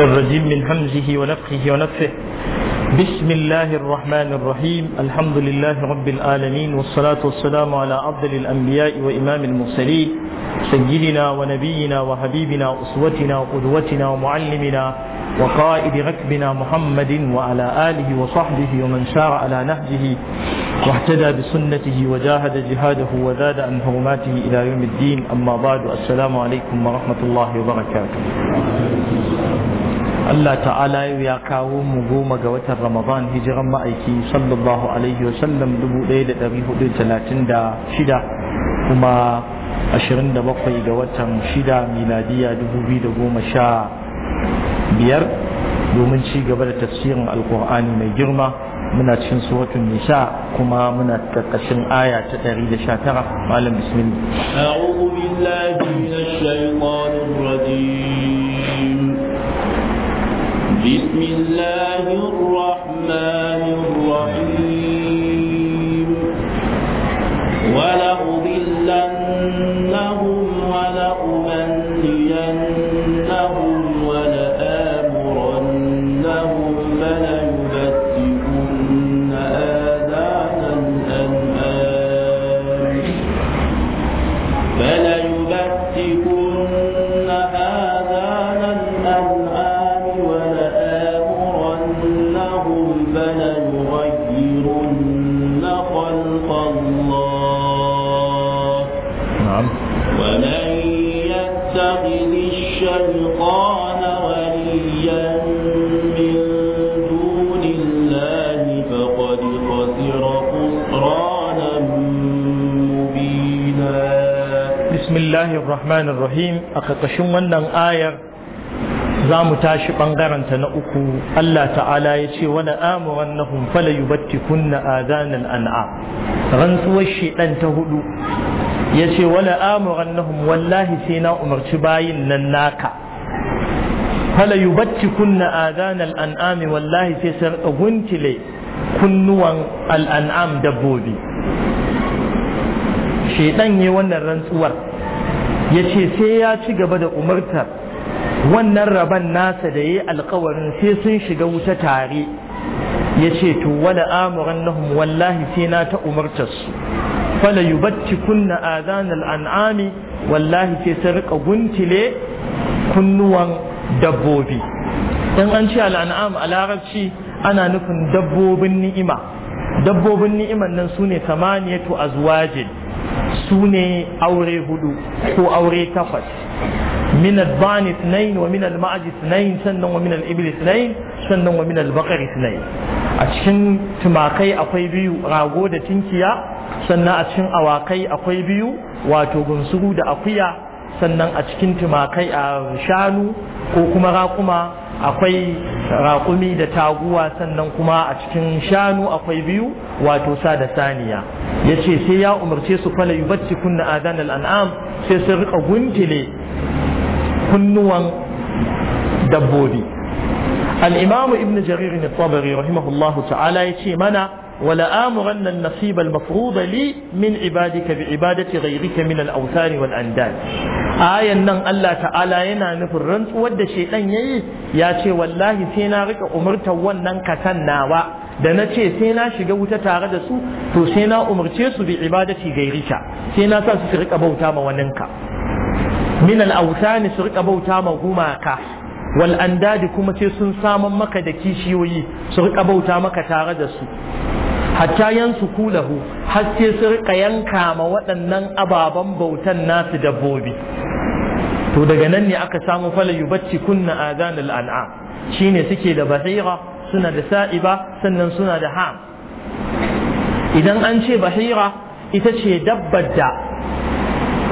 الرجيم من همزه ونفخه ونفخه بسم الله الرحمن الرحيم الحمد لله رب العالمين والصلاة والسلام على أفضل الأنبياء وإمام المرسلين سيدنا ونبينا وحبيبنا وأسوتنا وقدوتنا ومعلمنا وقائد ركبنا محمد وعلى آله وصحبه ومن سار على نهجه واهتدى بسنته وجاهد جهاده وزاد عن حرماته إلى يوم الدين أما بعد السلام عليكم ورحمة الله وبركاته Allah ta'ala yau ya kawo mu goma ga watan Ramadan hijiran ma'aiki sallallahu alaihi wasallam 1436 kuma 27 ga watan 6 miladiya 2015 domin ci gaba da tafsirin alkur'ani mai girma muna cikin suratun nisa kuma muna karkashin aya ta 119 malam bismillah a'udhu billahi minash shaitanir rajim بسم الله الرحمن الرحيم ولا bismillahir rahmanir rahim a kakashin wannan ayar za mu tashi ɓangaranta na uku Allah ta'ala ya ce wani amuran na humfala yubatti kunna azanin an'a rantsuwar shiɗan ta hudu ya ce wani amuran na wallahi sai na umarci bayin nan naka fala yubatti kunna azanin an'ami wallahi sai sun kunnuwan al'an'am dabbobi shiɗan ya wannan rantsuwar ya ce sai ya ci gaba da umartar wannan raban nasa da ya yi alkawarin sai sun shiga wuta tare ya ce to wala amuran wallahi sai na ta umartar su fala yubatti kunna adanal an'ami wallahi sai sun rika guntile kunnuwan dabbobi In an ce al'an'am a larabci ana nufin dabbobin ni'ima dabbobin ni'iman nan sune samaniyatu azwajin su ne aure hudu ko aure takwas min al-bani ithnain wa min al maaji sannan wa min al-ibli sannan wa min al-baqar a cikin tumakai akwai biyu rago da tinkiya sannan a cikin awakai akwai biyu wato gunsuru da akuya sannan a cikin tumakai a shanu ko kuma raƙuma akwai raƙumi da taguwa sannan kuma a cikin shanu akwai biyu wato sa da saniya ya ce sai ya umarce su yi yubatti kunna adan al'am sai sun rika guntile kunnuwan dabbobi al'imamu ibn jarir ne tabari rahimahullahu ta'ala ya ce mana ولآمرن النصيب المفروض لي من عبادك بعبادة غيرك من الأوثان والأنداد آية نن الله تعالى ينا نفرن ود شيطان يي يا شي والله سينا رك أمرت ونن كتناوا da na ce sai na shiga wuta tare da su to sai na umarce su bi ibadati gairika sai na sa su rika bauta ma waninka min al-awthani su rika bauta ma gumaka wal kuma sai sun saman maka da kishiyoyi su rika bauta maka tare da su hatta yansu kulahu har sai su rika yanka ma waɗannan ababen bautan nasu dabbobi to daga nan ne aka samu fala yubacci kunna azanul an'am shine suke da bahira suna da sa'iba sannan suna da ham idan an ce bahira ita ce dabbar da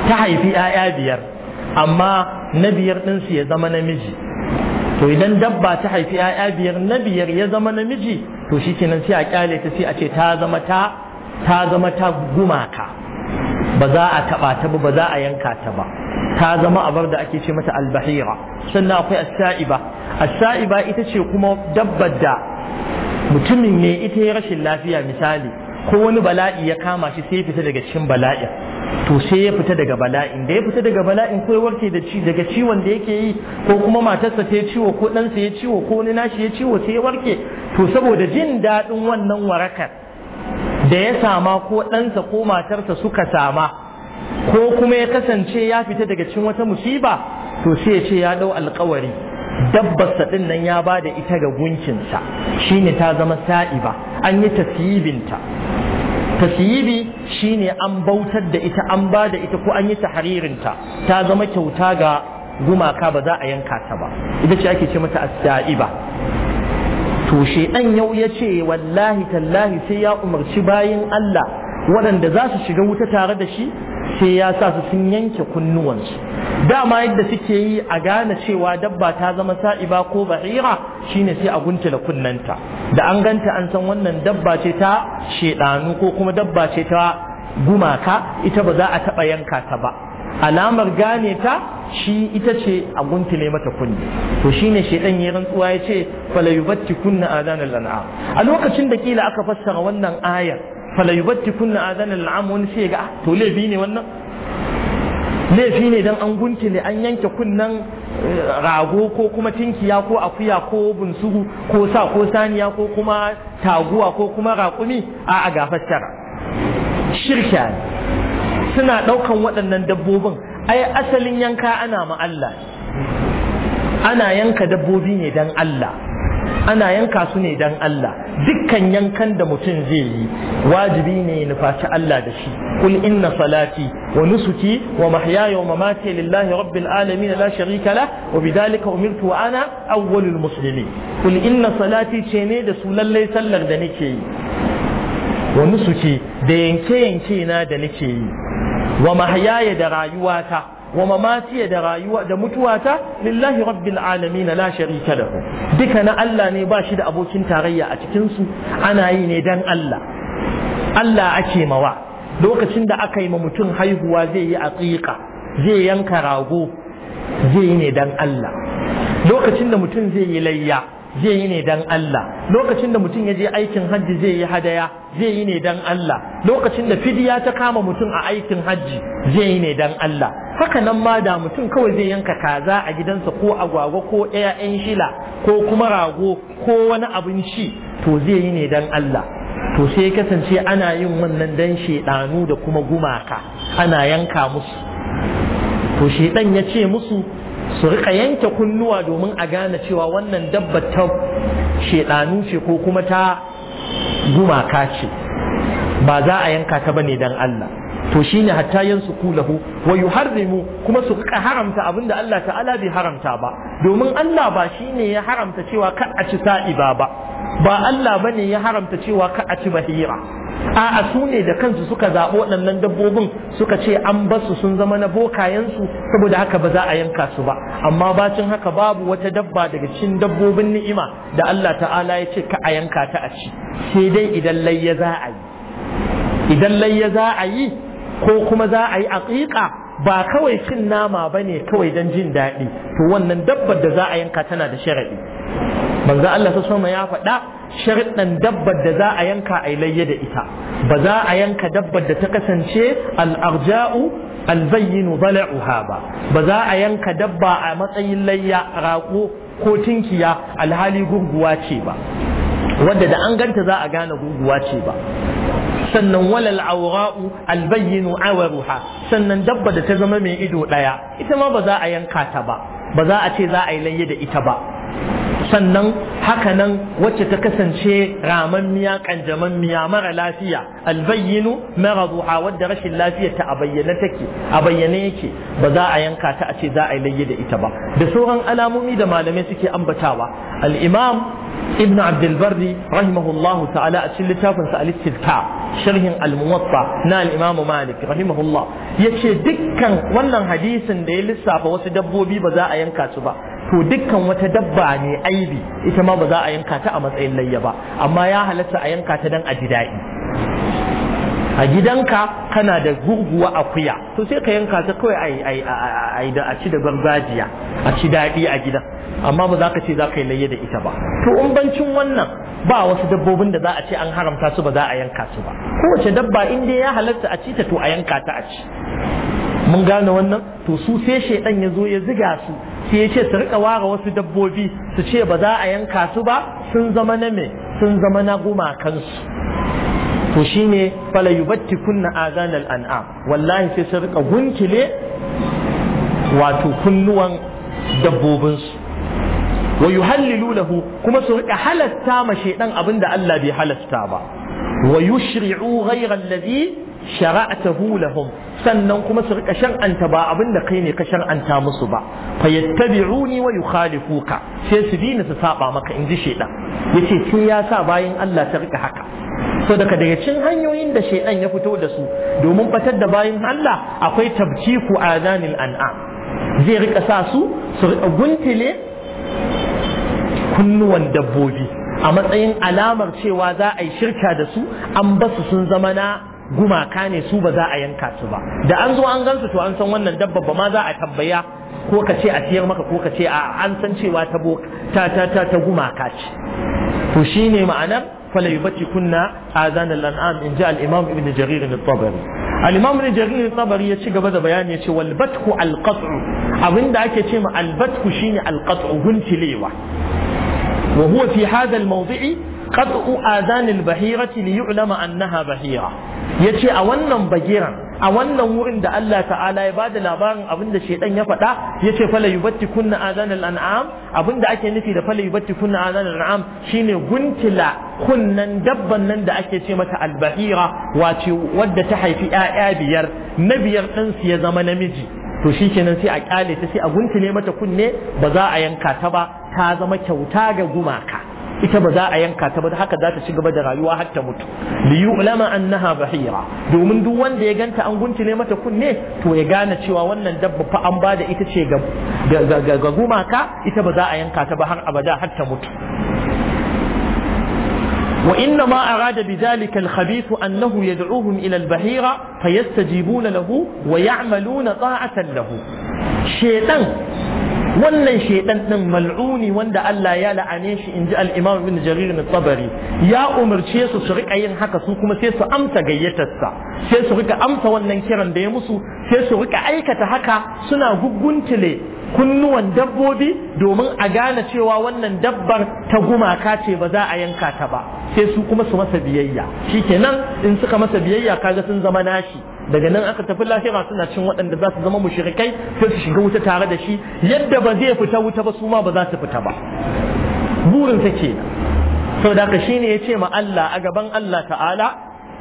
ta haifi 'ya'ya biyar amma na biyar ɗinsu ya zama namiji to idan dabba ta haifi 'ya'ya biyar na biyar ya zama namiji to shi kenan sai a kyale ta sai a ce ta zama ta ta ta gumaka ba za a taba ta ba ba za a yanka ta ba ta zama abar da ake ce mata albahira sannan akwai as-sa'iba as-sa'iba ita ce kuma dabbar da mutumin ne ita ya rashin lafiya misali ko wani bala'i ya kama shi sai ya fita daga cikin bala'in to sai ya fita daga bala'in da ya fita daga bala'in ko ya warke da ci daga ciwon da yake yi ko kuma matarsa ta ciwo ko ɗansa ya ciwo ko wani nashi ya ciwo sai ya warke to saboda jin daɗin wannan warakar da ya sama ko ɗansa ko matarsa suka sama ko kuma ya kasance ya fita daga cikin wata musiba to sai ya ce ya ɗau alkawari dabbarsa ɗin nan ya ba da ita ga gunkinsa shine ta zama sa'iba an yi tasibinta at-tasyibi shine an bautar da ita an ba da ita ko an yi tahririn ta ta zama kyauta ga gumaka ba za a yanka ta ba ita ce ake ce mata as ba. to shedan yau ya ce wallahi tallahi sai ya umarci bayin Allah waɗanda za su shiga wuta tare da shi sai ya sa su sun yanke kunnuwansu dama yadda suke yi a gane cewa dabba ta zama sa'iba ko ba'ira shine sai a guntula kunnanta da an ganta an san wannan dabba ce ta shedanu ko kuma dabba ce ta gumaka ita ba za a taɓa yanka ta ba alamar gane ta shi ita ce a guntule mata kunne to shine shedan ya rantsuwa ya ce falayubatti kunna adana an'am a lokacin da kila aka fassara wannan ayar falayubatti kunna adana an'am wani sai ga ah, to laifi ne wannan laifi ne dan an guntule an yanke kunnan rago ko kuma tinkiya ko akuya ko bunsuru ko sa ko saniya ko kuma taguwa ko kuma raƙumi a a ga fassara shirka suna ɗaukan waɗannan dabbobin ai asalin yanka ana ma Allah ana yanka dabbobi ne dan Allah ana yanka su ne dan Allah dukkan yankan da mutum zai yi wajibi ne ya nufaci Allah da shi kul inna salati wa nusuki wa mahyaya wa mamati lillahi rabbil alamin la sharika la wa bidhalika umirtu wa ana awwalul muslimin kul inna salati ce ne da su lallai sallar da nake yi wa nusuki da yanke yanke na da nake yi wa mahyaya da rayuwata wa mamati da rayuwa da mutuwa ta lillahi rabbil alamin la sharika lahu duka na Allah ne ba shi da abokin tarayya a cikin su ana yi ne dan Allah Allah ake mawa lokacin da aka yi ma mutum haihuwa zai yi aqiqa zai yanka rago zai yi ne dan Allah lokacin da mutum zai yi layya zai yi ne dan Allah lokacin da mutum ya je aikin hajji zai yi hadaya zai yi ne dan Allah lokacin da fidiya ta kama mutum a aikin hajji zai yi ne dan Allah haka nan ma da mutum kawai zai yanka kaza a gidansa ko agwagwa ko ƴaƴan shila ko kuma rago ko wani abin ci to zai yi ne dan Allah to sai kasance ana yin wannan dan shedanu da kuma gumaka ana yanka musu to shedan ya ce musu su rika yanke kunnuwa domin a gane cewa wannan dabbar ta shedanu ce ko kuma ta gumaka ce ba za a yanka ta bane dan Allah to shine hatta yansu kulahu wa yuharrimu kuma su rika haramta abinda Allah ta'ala bai haramta ba domin Allah ba shine ya haramta cewa kar a ci sa'iba ba ba Allah ba ne ya haramta cewa ka a ci bahira a'a su ne da kansu suka zaɓo waɗannan dabbobin suka ce an basu sun zama na bokayensu saboda haka ba za a yanka su ba amma bacin haka babu wata dabba daga cikin dabbobin ni'ima da Allah ta'ala ya ce ka a yanka ta a ci sai dai idan layya za a yi idan layya za a yi ko kuma za a yi aƙiƙa ba kawai cin nama bane kawai don jin daɗi to wannan dabbar da za a yanka tana da sharaɗi manzo Allah sama ya faɗa sharɗan dabbar da za a yanka a layya da ita ba za a yanka dabbar da ta kasance al'arja'u albayyinu bala'uha ba ba za a yanka dabba a matsayin layya raƙo ko tinkiya alhali gurguwa ce ba wadda da an ganta za a gane gurguwa ce ba sannan walal aura'u albayyinu awaruha sannan dabba da ta zama mai ido ɗaya ita ma ba za a yanka ta ba ba za a ce za a yi layya da ita ba sannan hakanan wacce ta kasance miya kanjaman miya mara lafiya albayyinu maraduha wadda rashin lafiya ta a bayyane take a bayyane yake ba za a yanka ta a ce za a yi layye da ita ba da sauran alamomi da malamai suke ambatawa al Al'imam ibn abdul barri rahimahullah ta'ala a cikin littafin sa al sharhin al na al'imam malik rahimahullah yace dukkan wannan hadisin da ya lissafa wasu dabbobi ba za a yanka su ba to dukkan wata dabba ne aibi ita ma ba za a yanka ta a matsayin layya ba amma ya halatta a yanka ta dan a ji daɗi a gidanka kana da gurguwa akuya to sai ka yanka ta kawai a ci da gargajiya a ci daɗi a gidan amma ba za ka ce za ka yi layya da ita ba to in bancin wannan ba wasu dabbobin da za a ce an haramta su ba za a yanka su ba kowace dabba in dai ya halatta a ci ta to a yanka ta a ci mun gane wannan to su sai shaidan ya zo ya ziga su sai ya ce su rika ware wasu dabbobi su ce ba za a yanka su ba sun zama na me sun zama na gumakansu to shine fala yubatti kunna azanal al'an'am wallahi sai su rika gunkile wato kunnuwan dabbobinsu wa yuhallilu lahu kuma su rika halasta ma shaidan abin da Allah bai halasta ba wa yushri'u ghayra alladhi shara'atahu lahum sannan kuma su rika shar'anta ba abin da kai ne ka shar'anta musu ba fa yattabi'uni wa yukhalifuka sai su bi su saba maka inji shedan yace sai ya sa bayan Allah ta rika haka so daga daga cikin hanyoyin da shedan ya fito da su domin batar da bayan Allah akwai tabtiku azanil an'am zai rika sa su su rika guntile kunnuwan dabbobi a matsayin alamar cewa za a yi shirka da su an basu sun zama na gumaka ne su ba za a yanka su ba da an zo an gansu to an san wannan dabba ba ma za a tambaya ko ka ce a siyar maka ko ka ce a an san cewa ta ta ta ta ta gumaka ce to shine ma'anar fala yubati kunna azan al-an'am in ja al-imam ibn jarir al-tabari al-imam ibn jarir al-tabari ya ci gaba da bayani ya ce wal batku al-qat'u abinda ake ce ma al-batku shine al-qat'u guntilewa wa huwa fi hadha al-mawdi'i قطع آذان البهيرة ليعلم أنها بهيرة ya ce a wannan bagiran a wannan wurin da Allah ta'ala ya bada labarin abin da shaidan ya faɗa ya ce fala yubatti kunna azanal an'am abin da ake nufi da fala yubatti kunna azanal an'am shine guntila kunnan dabban nan da ake ce mata albahira wace wadda ta haifi ƴaƴa biyar na biyar ɗin su ya zama namiji to shikenan sai a kyale ta sai a guntile mata kunne ba za a yanka ta ba ta zama kyauta ga gumaka ita ba za a yanka ta ba haka za ta ci gaba da rayuwa har ta mutu li yu'lama annaha bahira domin duk wanda ya ganta an guntule mata kunne to ya gane cewa wannan dabba fa an bada ita ce ga ga gumaka ita ba za a yanka ta ba har abada har ta mutu وإنما أراد بذلك الخبيث أنه يدعوهم إلى البحيرة فيستجيبون له ويعملون طاعة له شيطان wannan shaidan din mal'uni wanda Allah ya la'ane shi inji ji al'imam ibn jarir al tabari ya umarce su su rika yin haka su kuma sai su amsa gayyatarsa sai su rika amsa wannan kiran da ya musu sai su rika aikata haka suna guguntule kunnuwan dabbobi domin a gane cewa wannan dabbar ta gumaka ce ba za a yanka ta ba sai su kuma su masa biyayya shikenan in suka masa biyayya kaga sun zama nashi daga nan aka tafi lahira suna cin waɗanda za su zama mushrikai sai su shiga wuta tare da shi yadda ba zai fita wuta ba su ma ba za su fita ba burin ta ke saboda haka shine ya ce ma Allah a gaban Allah ta'ala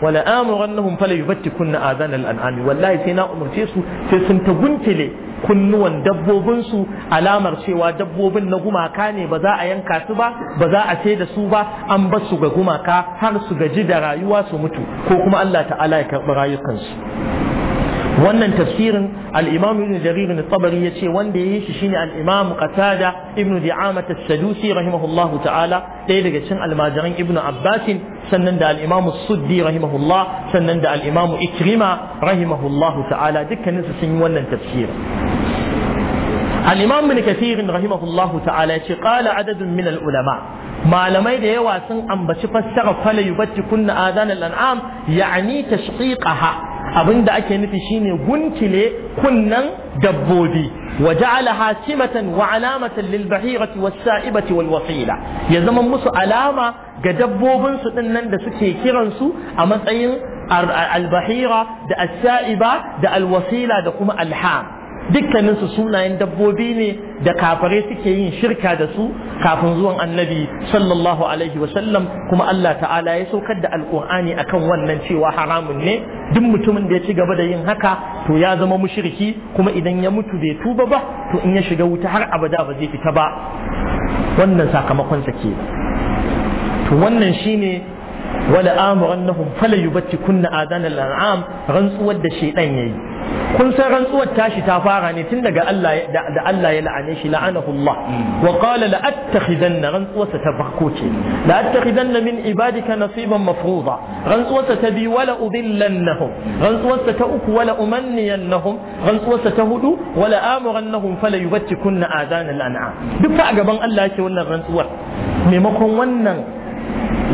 wala amurannahum fala yubattikunna adana al'an'ami wallahi sai na umarce su sai sun ta guntile kunnuwan dabbobin su alamar cewa dabbobin na gumaka ne ba za a yanka su ba ba za a ce da su ba an bar su ga gumaka har su gaji da rayuwa su mutu ko kuma Allah ta'ala ya karɓi rayukansu wannan tafsirin al-imam ibn jarir al-tabari yace wanda yi shi shine al-imam qatada ibn Di'amah as-sadusi rahimahullahu ta'ala ɗaya daga cikin almajiran ibn abbas sannan da al'imamu suddi rahimahullah sannan da al'imamu ikrima rahimahullahu ta'ala dukkaninsu sun yi wannan tafsirin Al'imamu bin kafirin rahimahullah ta'ala ce ƙala adadin min ulama malamai da yawa sun ambaci fassara fala yubatti kunna adanal an'am ya'ani tashqiqaha abin da ake nufi shine guntile kunnan dabbobi wa ja'ala hasimatan wa alamatan lil bahirati was sa'ibati wal wasila ya zama musu alama ga dabbobin su nan da suke kiran su a matsayin al bahira da as sa'iba da al wasila da kuma al ham dukkaninsu sunayen dabbobi ne da kafare suke yin shirka da su kafin zuwan annabi sallallahu alaihi wasallam kuma Allah ta'ala ya saukar da alkur'ani akan wannan cewa haramun ne duk mutumin da ya ci gaba da yin haka to ya zama mushriki kuma idan ya mutu bai tuba ba to in ya shiga wuta har abada ba zai fita ba wannan sakamakonsa ke to wannan shine wala amurannahum fala adana al'am rantsuwar da shedan yayi kun san rantsuwar tashi ta fara ne tun daga Allah da Allah ya la'ane shi la'anahu wa qala la attakhidanna ta farko ce la attakhidanna min ibadika nasiban mafruḍa rantsuwarsa ta bi wala udillannahum ta uku wala umanniyannahum ta hudu wala amurannahum fala adana al'am duk a gaban Allah yake wannan rantsuwar maimakon wannan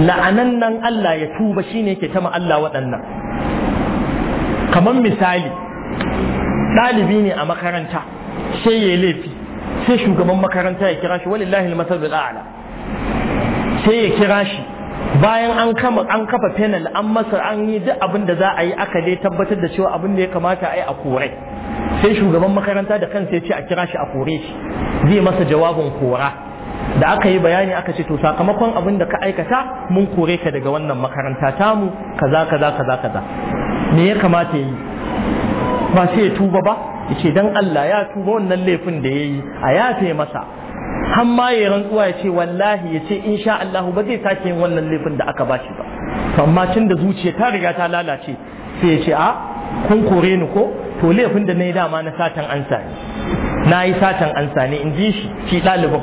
la'anan nan Allah ya tuba shine ke tama Allah waɗannan kamar misali ɗalibi ne a makaranta sai ya laifi sai shugaban makaranta ya kira shi walillahi al a'la sai ya kira shi bayan an kama an kafa panel an masa an yi duk abin da za a yi aka dai tabbatar da cewa abin da ya kamata a yi a kore sai shugaban makaranta da kansa ya ce a kira shi a kore shi zai masa jawabin kora da aka yi bayani aka ce to sakamakon abin da ka aikata mun kore ka daga wannan makaranta tamu kaza kaza kaza kaza me ya kamata yi ba sai ya tuba ba yace dan Allah ya tuba wannan laifin da yayi a yafe masa har ma ya rantsuwa ya ce wallahi ya ce insha Allah ba zai sake yin wannan laifin da aka bashi ba to amma tun da zuciya ta riga ta lalace sai ya ce a kun kore ni ko to laifin da na yi dama na satan an sani na yi satan ansa ne in ji shi shi ɗalibin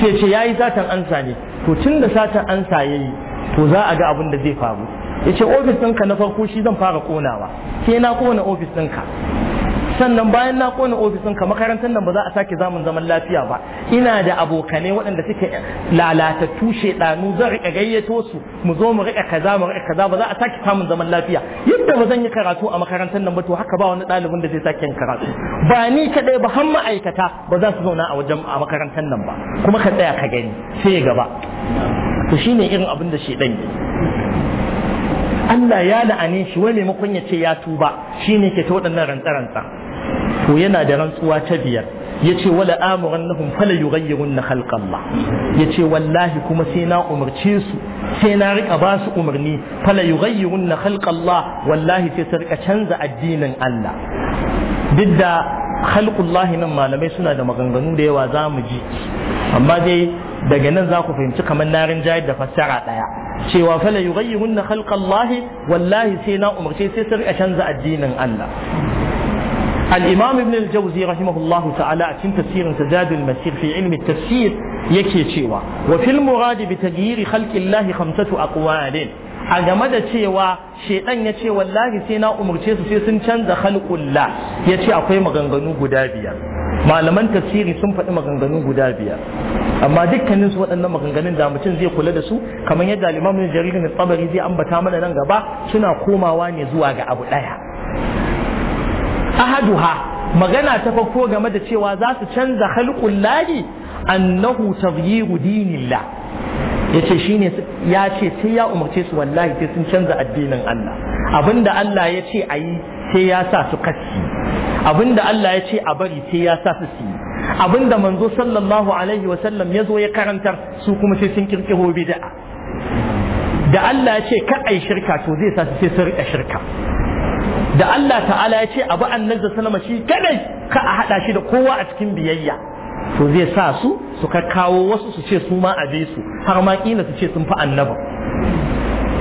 sai ce ya yi satan ansa ne to tun da satan ansa ya yi to za a ga abin da zai faru ya ce ofis ɗinka na farko shi zan fara ƙonawa sai na ƙona ofis ɗinka sannan bayan na kone ofisin ka makarantar nan ba za a sake zamun zaman lafiya ba ina da abokane waɗanda suke lalatattu shedanu zan rika gayyato su mu zo mu rika kaza mu rika kaza ba za a sake samun zaman lafiya yadda ba zan yi karatu a makarantar nan ba to haka ba wani ɗalibin da zai sake yin karatu ba ni kadai ba har ma'aikata ba za su zauna a wajen a makarantar nan ba kuma ka tsaya ka gani sai gaba to shine irin abin da shedan yi Allah ya la'ane shi wai maimakon ya ce ya tuba shi ne ke ta waɗannan rantsa to yana da rantsuwa ta biyar ya yace wala amurannahum fala yughayyirunna ya ce wallahi kuma sai na umarce su sai na rika ba su umarni fala yi yughayyirunna khalqallah wallahi sai su rika canza addinin Allah duk da halkullahi nan malamai suna da maganganu da yawa za mu ji amma dai daga nan za ku fahimci kamar narin jayar da fassara ɗaya cewa fala yi yughayyirunna khalqallah wallahi sai na umarce sai su rika canza addinin Allah al-imam ibn al-jawzi rahimahullahu ta'ala a cikin tasirin ta zadul masir fi ilmi tafsir yake cewa wa fil murad bi taghyir khalqillahi khamsatu aqwalin a game da cewa shedan ya ce wallahi sai na umarci su sai sun canza khalqullah ya ce akwai maganganu guda biyar malaman tafsiri sun faɗi maganganu guda biyar amma dukkanin waɗannan maganganun da mutum zai kula da su kamar yadda limamin jaririn tabari zai ambata mana nan gaba suna komawa ne zuwa ga abu ɗaya ahaduha magana ta farko game da cewa za su canza halkun lahi annahu taghyiru dinillah yace shine ya ce sai ya umarce su wallahi sai sun canza addinin Allah abinda Allah ya ce ayi sai ya sa su kashi abinda Allah ya ce a bari sai ya sa su yi abinda manzo sallallahu alaihi wa sallam ya zo ya karantar su kuma sai sun kirkiro bid'a da Allah ya ce ka ai shirka to zai sa su sai su rika shirka da Allah ta'ala ya ce abu annabi sallama shi kadai ka a hada shi da kowa a cikin biyayya to zai sa su su ka kawo wasu su ce su ma a je su har ma kila su ce sun fi annaba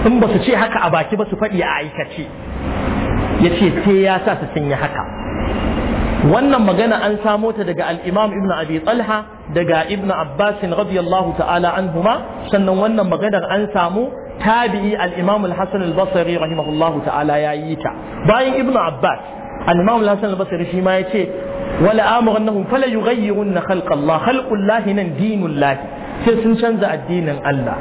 in ba su ce haka a baki ba su faɗi a aikace ya ce sai ya sa su sun yi haka wannan magana an samo ta daga al'imam Ibn Abi Talha daga Ibn Abbas radiyallahu ta'ala huma sannan wannan maganar an samu tabi'i Al'imam al hassan al-Basri rahimahullahu ta'ala yayi ta bayan Ibn Abbas al-Imam al-Hasan al-Basri shi ma ce wala amrunhum fala na khalqa Allah khalqullahi nan dinullahi sai sun canza addinin Allah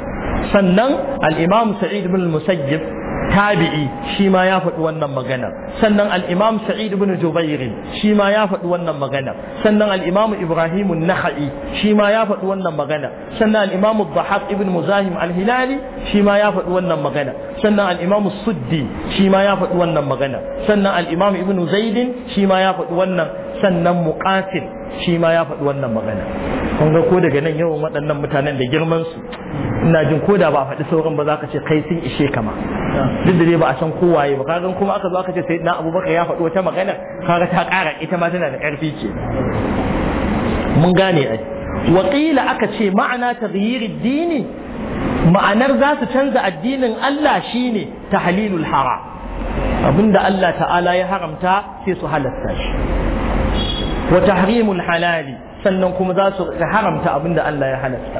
sannan al-Imam Sa'id ibn al-Musayyib tabi'i shi ma ya faɗi wannan magana sannan al-imam sa'id ibn jubair shi ma ya faɗi wannan magana sannan al-imam ibrahim an-nakhai shi ma ya faɗi wannan magana sannan al-imam ibn muzahim al-hilali shi ma ya faɗi wannan magana sannan al suddi shi ma ya faɗi wannan magana sannan al-imam ibn zaid shi ma ya faɗi wannan sannan muqatil shi ma ya faɗi wannan magana kun ga ko daga nan yawan waɗannan mutanen da girman su ina jin ko da ba faɗi sauran ba za ka ce kai sun ishe kama duk da dai ba a san waye ba kaga kuma aka zo aka ce sai na abubakar ya faɗi wata magana kaga ta ƙara ita ma tana da ƙarfi ce mun gane ai waƙila aka ce ma'ana taghyirud dini ma'anar za su canza addinin Allah shine tahlilul haram abinda Allah ta'ala ya haramta sai su halasta shi wa tahrimul halali sannan kuma za su haramta abinda Allah ya halatta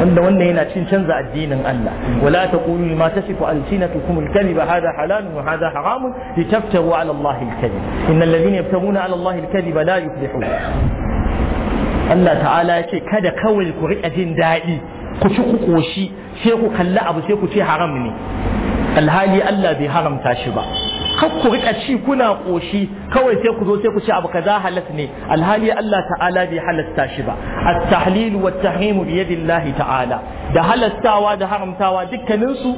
wanda wannan yana cin canza addinin Allah wala taqulu ma tasifu alsinatukum alkalib hada halal wa hada haram litaftaru ala Allah alkalib innal ladhina yaftaruna ala Allah alkalib la yuflihun Allah ta'ala ya kada kawai ku riƙa jin daɗi ku ci ku koshi sai ku kalli abu sai ku ce haram ne alhali Allah bai haramta shi ba kar ku rika ci kuna koshi kawai sai ku zo sai ku ce abu kaza halas ne alhali Allah ta'ala bai halasta shi ba at-tahlil wa at-tahrim bi ta'ala da halastawa da haramtawa dukkanin su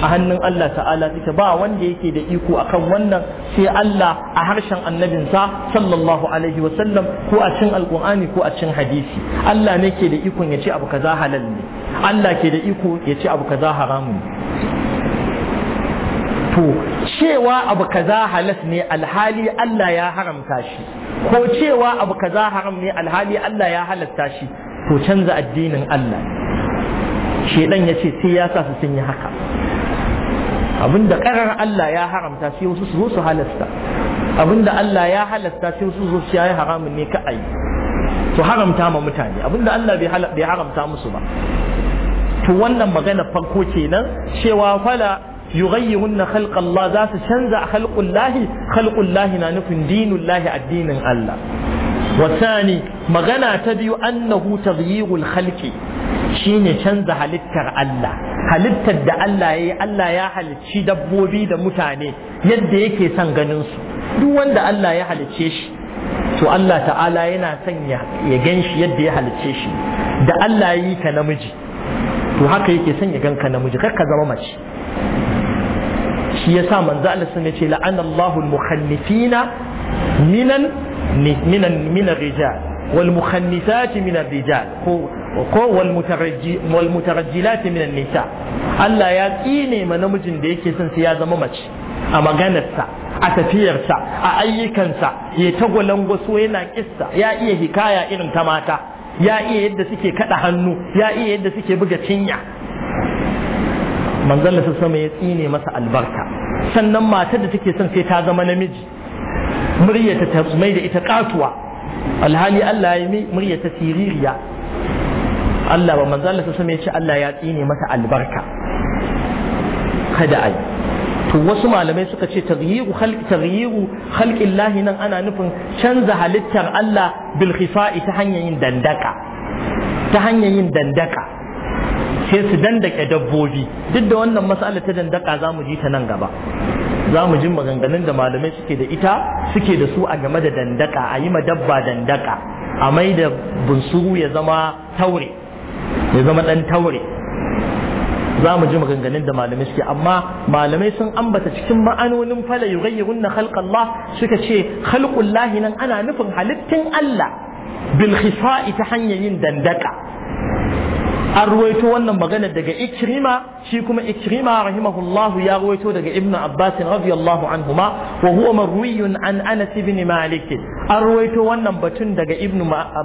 a hannun Allah ta'ala take ba wanda yake da iko akan wannan sai Allah a harshen annabinsa sallallahu alaihi wa sallam ko a cikin alqur'ani ko a cikin hadisi Allah ne ke da iko ya ce abu kaza halal ne Allah ke da iko ya ce abu kaza haramun to cewa abu kaza halas ne alhali Allah ya haramta shi ko cewa abu kaza haram ne alhali Allah ya halatta shi to canza addinin Allah shedan ya ce sai ya sa su sun yi haka abinda karar Allah ya haramta sai wasu su zo su halasta abinda Allah ya halasta sai wasu su zo su yi haramun ne ka ayi su haramta ma mutane abinda Allah bai haramta musu ba to wannan magana farko kenan cewa fala yughayyirunna khalqa Allah za su canza khalqullahi khalqullahi na nufin dinullahi addinin Allah wasani magana ta biyu annahu taghyirul khalqi shine canza halittar Allah halittar da Allah yayi Allah ya halicci dabbobi da mutane yadda yake son ganin su duk wanda Allah ya halicce shi to Allah ta'ala yana son ya gan shi yadda ya halicce shi da Allah ya yi ka namiji to haka yake son ya gan ka namiji kar ka zama mace shi yasa manzo Allah sun ce la'anallahu al-mukhannifina minan minan min rijal wal mukhannisati min rijal ko ko wal mutarajji wal mutarajjilati min nisa Allah ya tsine ma namijin da yake son sai ya zama mace a maganarsa a tafiyarsa a ayyukansa ya tagwalan wasu yana kissa ya iya hikaya irin ta mata ya iya yadda suke kada hannu ya iya yadda suke buga cinya manzon da sama ya tsine masa albarka sannan matar da take son sai ta zama namiji muryata ta mai da ita katuwa alhali Allah ya mai muryata siririya Allah ba manzon da sama ya ce Allah ya tsine masa albarka kada ai to wasu malamai suka ce taghyiru khalq taghyiru khalqillahi nan ana nufin canza halittar Allah bil khifa'i ta hanyar yin dandaka ta hanyar yin dandaka sai su dandake dabbobi duk da wannan mas'ala ta dandaka za mu ji ta nan gaba za mu ji maganganun da malamai suke da ita suke da su a game da dandaka a yi ma dabba dandaka a mai da bunsuru ya zama taure ya zama dan taure za mu ji maganganun da malamai suke amma malamai sun ambata cikin ma'anonin fala yughayyirun na khalqallah suka ce khalqullahi nan ana nufin halittin Allah bil khisa'i ta hanyar yin dandaka an ruwaito wannan magana daga ikrima shi kuma ikrima rahimahullahu ya ruwaito daga ibnu abbas radiyallahu anhuma wa huwa marwiyun an anas ibn malik an ruwaito wannan batun daga ibnu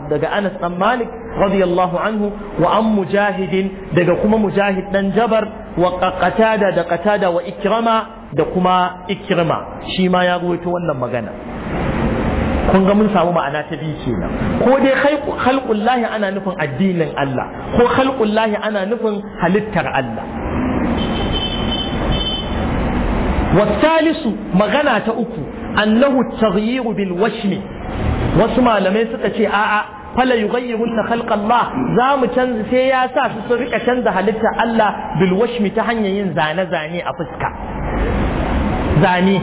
daga anas dan malik radiyallahu anhu wa an mujahidin daga kuma mujahid dan jabar wa qatada da qatada wa ikrama da kuma ikrima shi ma ya ruwaito wannan magana kun ga mun samu ma'ana ta biyu kenan ko dai khalqullahi ana nufin addinin Allah ko khalqullahi ana nufin halittar Allah wasalisu magana ta uku annahu taghyiru bil washmi wasu malamai suka ce a'a fala yughayyirunna khalqa Allah za mu canza sai ya sa su su rika canza halitta Allah bil washmi ta hanyar yin zane zane a fuska zane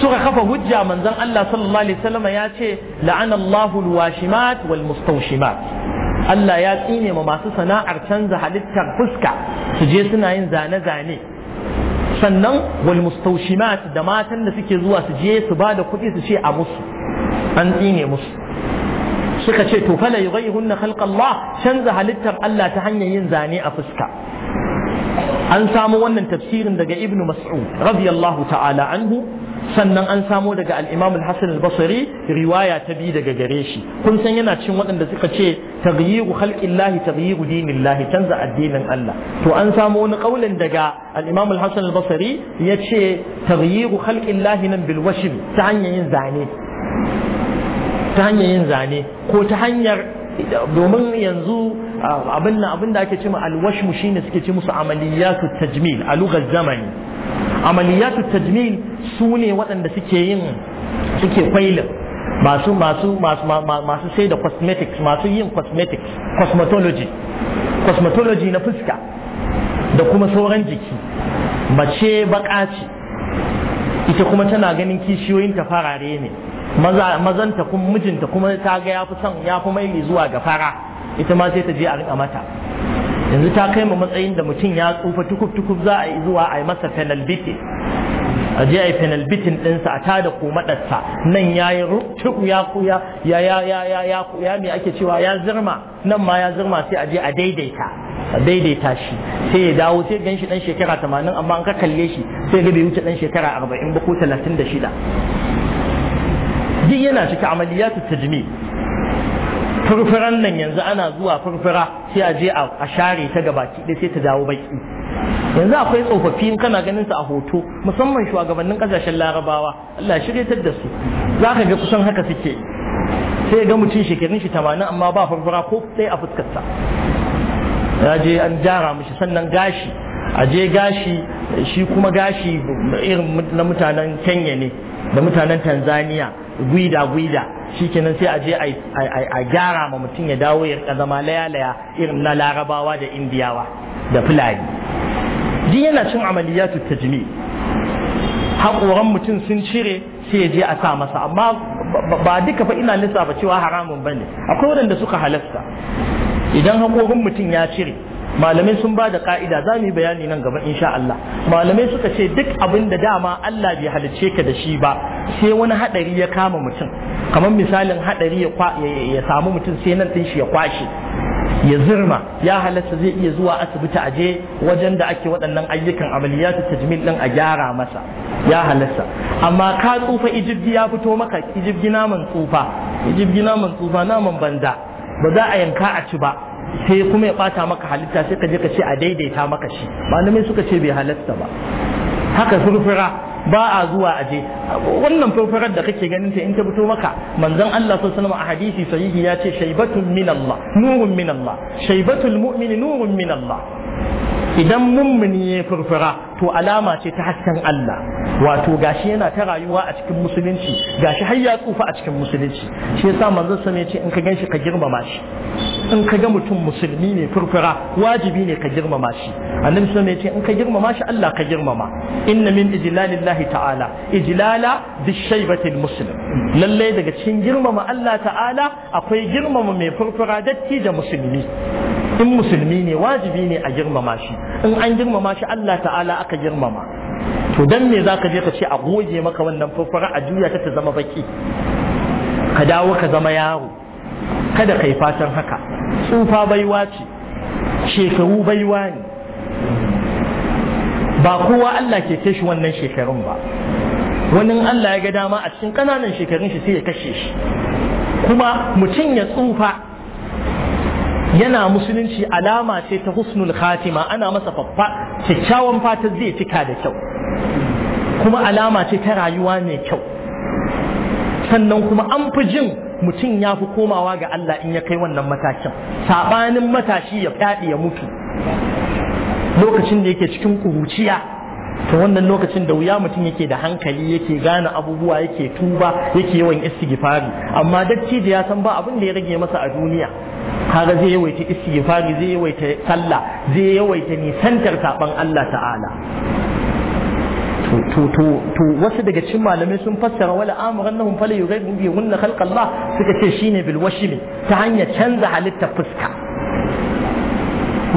suka kafa hujja manzon Allah sallallahu alaihi wasallam ya ce la'anallahu alwashimat wal mustawshimat Allah ya tsine ma masu sana'ar canza halittar fuska su je suna yin zane-zane sannan wal mustawshimat da matan da suke zuwa su je su ba da kuɗi su ce a musu an tsine musu suka ce to fala yughayyirunna khalqallah canza halittar Allah ta hanyar yin zane a fuska an samu wannan tafsirin daga ibnu mas'ud radiyallahu ta'ala anhu sannan an samo daga al-Imam al-Hasan al-Basri riwaya ta biyu daga gare shi kun san yana cin waɗanda suka ce taghyiru khalqillahi taghyiru dinillahi canza addinin Allah to an samo wani kaulin daga al-Imam al-Hasan al-Basri yace taghyiru khalqillahi nan bil ta hanyar yin zane ta hanyar zane ko ta hanyar domin yanzu abin da ake ce ma shi ne suke ce musu amaliyatu tajmil a lugar zamani amaliyatu tajmil su ne waɗanda suke yin suke faila masu masu masu sai da cosmetics masu yin cosmetics cosmetology cosmetology na fuska da kuma sauran jiki mace baka ce ita kuma tana ganin kishiyoyin ta farare ne mazanta kuma mijinta kuma ta ga yafi fi son yafi maili zuwa ga fara ita ma sai ta je a rika mata yanzu ta kai mu matsayin da mutum ya tsufa tukuf tukuf za a yi zuwa a yi masa fenalbiti a je a yi fenalbiti ɗinsa a tada maɗasta nan ya yi rukuku ya kuya ya ya ya ya ya ya mai ake cewa ya zirma nan ma ya zirma sai a je a daidaita a daidaita shi sai ya dawo sai gan shi dan shekara tamanin amma an ka kalle shi sai ga bai wuce dan shekara arba'in ba ko talatin da shida duk yana cikin amaliyatu tajmi furfuran nan yanzu ana zuwa furfura sai a je a share ta baki ɗaya sai ta dawo baki yanzu akwai tsofaffi kana ganin su a hoto musamman shugabannin kasashen larabawa Allah shiryatar da su za ka ga kusan haka suke sai ga mutum shekarun shi tamanin amma ba furfura ko sai a fuskarsa ya je an jara mishi sannan gashi a je gashi shi kuma gashi irin na mutanen kenya ne da mutanen tanzania gwida shi shikenan sai a je a gyara ma mutum ya dawo ya zama laya-laya irin na larabawa da indiyawa da fulani din yana cin amaliyatu tajmi haƙoran mutum sun cire sai ya je a sa masa amma ba duka fa ina lissafa cewa haramun ba ne akwai waɗanda suka halasta idan haƙorin mutum ya cire malamai sun ba da ka'ida za mu yi bayani nan gaba insha Allah malamai suka ce duk abin da dama Allah bai halicce ka da shi ba sai wani hadari ya kama mutum kamar misalin hadari ya samu mutum sai nan ɗin shi ya kwashe ya zirma ya halatta zai iya zuwa asibiti a je wajen da ake waɗannan ayyukan amaliyatu tajmil din a gyara masa ya halatta amma ka tsufa ijibgi ya fito maka ijibgi naman tsufa ijibgi naman tsufa naman banza ba za a yanka a ci ba sai kuma ya bata maka halitta sai ka je ka ce a daidaita maka shi malamai suka ce bai halatta ba haka furfura ba a zuwa a je. wannan farfarar da kake ganin ta in ta fito maka manzon Allah sallallahu alaihi wasallam a hadisi sahihi ya ce shaybatun min Allah nurun min Allah shaybatul mu'min nurun min Allah idan mummuni ya furfura to alama ce ta hasken Allah wato gashi yana ta rayuwa a cikin musulunci gashi har ya tsufa a cikin musulunci shi yasa manzon sa ce in ka ganshi ka girmama shi in ka ga mutum musulmi ne furfura wajibi ne ka girmama shi annabi sa ce in ka girmama shi Allah ka girmama inna min ijlalillahi ta'ala ijlala bishaybati almuslim lalle daga cikin girmama Allah ta'ala akwai girmama mai furfura datti da musulmi in musulmi ne wajibi ne a girmama shi in an girmama shi Allah ta'ala aka girmama to dan me zaka je ka ce a goge maka wannan furfura a juya ta ta zama baki ka dawo ka zama yaro kada kai fatan haka tsufa baiwa ce shekaru baiwa ne ba kowa Allah ke kai shi wannan shekarun ba wani Allah ya ga dama a cikin ƙananan shekarun shi sai ya kashe shi kuma mutum ya tsufa yana musulunci alama ce ta husnul khatima ana masa faffa kyakkyawan fata zai cika da kyau kuma alama ce ta rayuwa mai kyau sannan kuma an fi jin mutum ya fi komawa ga Allah in ya kai wannan matakin sabanin matashi ya fadi ya mutu lokacin da yake cikin kuruciya to wannan lokacin da wuya mutum yake da hankali yake gane abubuwa yake tuba yake yawan istighfari amma dattijo ya san ba abin da ya rage masa a duniya kaga zai yawaita istighfari zai yawaita sallah zai yawaita nisantar saban Allah ta'ala to wasu daga cikin malamai sun fassara wala amuran nahum fala yughayyiru bi gunna Allah suka ce shine bil washmi ta hanyar canza halitta fuska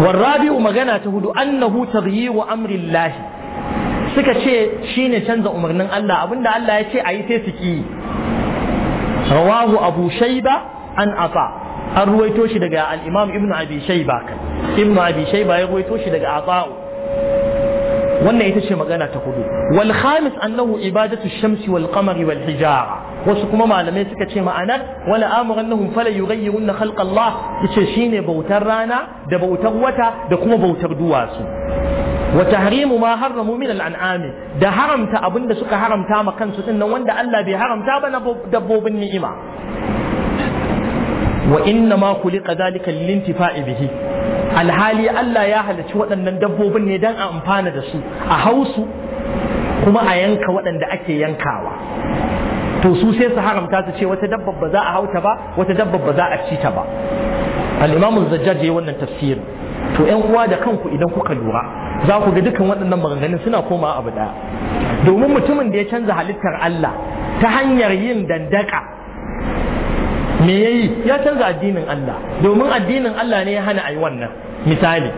warrabi'u magana ta hudu annahu taghyiru amri Allah suka ce shine canza umarnin Allah abinda Allah ya ce ayi sai su ki rawahu abu shayba an afa an ruwaito shi daga al-imam ibnu abi shayba ibnu abi shayba ya ruwaito shi daga ata'u wannan ita ce magana ta hudu wal khamis annahu ibadatu shamsi wal qamari wal hijara wasu kuma malamai suka ce ma'anar wala amurannahum fala yughayyirunna khalqa Allah yace shine bautar rana da bautar wata da kuma bautar duwatsu wa tahrimu ma harramu min al-an'ami da haramta abinda suka haramta ma kansu din nan wanda Allah bai haramta ba na dabbobin ni'ima wa inna ma kulika zalika lintifa'i bihi alhali Allah ya halarci waɗannan dabbobin ne dan a amfana da su a hausu kuma a yanka waɗanda ake yankawa to su sai su haramta su ce wata dabba ba za a hauta ba wata dabba ba za a ci ta ba al-imam zajjaj wannan tafsirin to ƴan uwa da kanku idan kuka lura za ku ga dukan waɗannan maganganun suna komawa abu daya domin mutumin da ya canza halittar Allah ta hanyar yin dandaka me yayi ya canza addinin Allah domin addinin Allah ne ya hana ayi wannan misali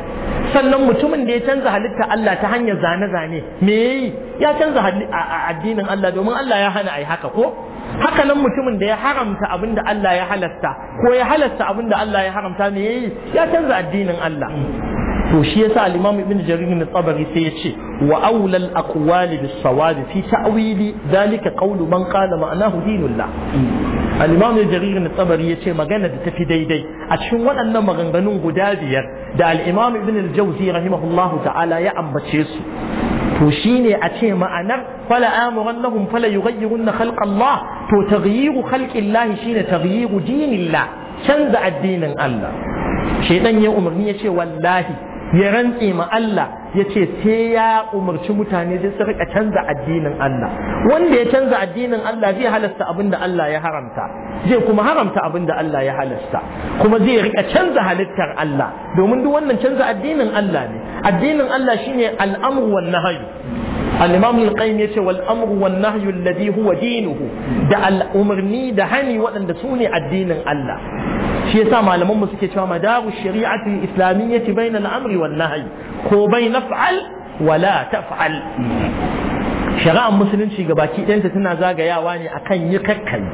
sannan mutumin da ya canza halitta Allah ta hanyar zane-zane me yayi ya canza addinin Allah domin Allah ya hana ayi haka ko haka nan mutumin da ya haramta abin da Allah ya halasta ko ya halasta abin da Allah ya haramta me yayi ya canza addinin Allah to shi yasa al-imam ibn jarir ibn tabari sai yace wa awla al-aqwali bis-sawab fi ta'wili dalika qawlu man qala ma'nahu dinullah al-imam ibn jarir ibn tabari yace magana da tafi daidai a cikin waɗannan maganganun guda biyar da al-imam ibn al-jawzi rahimahullahu ta'ala ya ambace su to shine a ce ma'anar fala amurannahum fala yughayyirunna khalqa Allah to taghyiru khalqi Allah shine taghyiru dinillah canza addinin Allah shaidan ya umarni ya ce wallahi ya rantse ma Allah ya ce sai ya umarci mutane sai su rika canza addinin Allah wanda ya canza addinin Allah zai halasta abin da Allah ya haramta zai kuma haramta abin da Allah ya halasta kuma zai rika canza halittar Allah domin duk wannan canza addinin Allah ne addinin Allah shine al'amru wan nahyu al-imam ce qayyim yace wal amru wan da al-umarni da hani waɗanda sune addinin Allah shi yasa malaman mu suke cewa madabu shari'ati islamiyyati bayna al-amri wal nahyi ko bayna fa'al wala taf'al shari'ar musulunci ga baki ɗanta tana zagayawa ne akan yi kakkai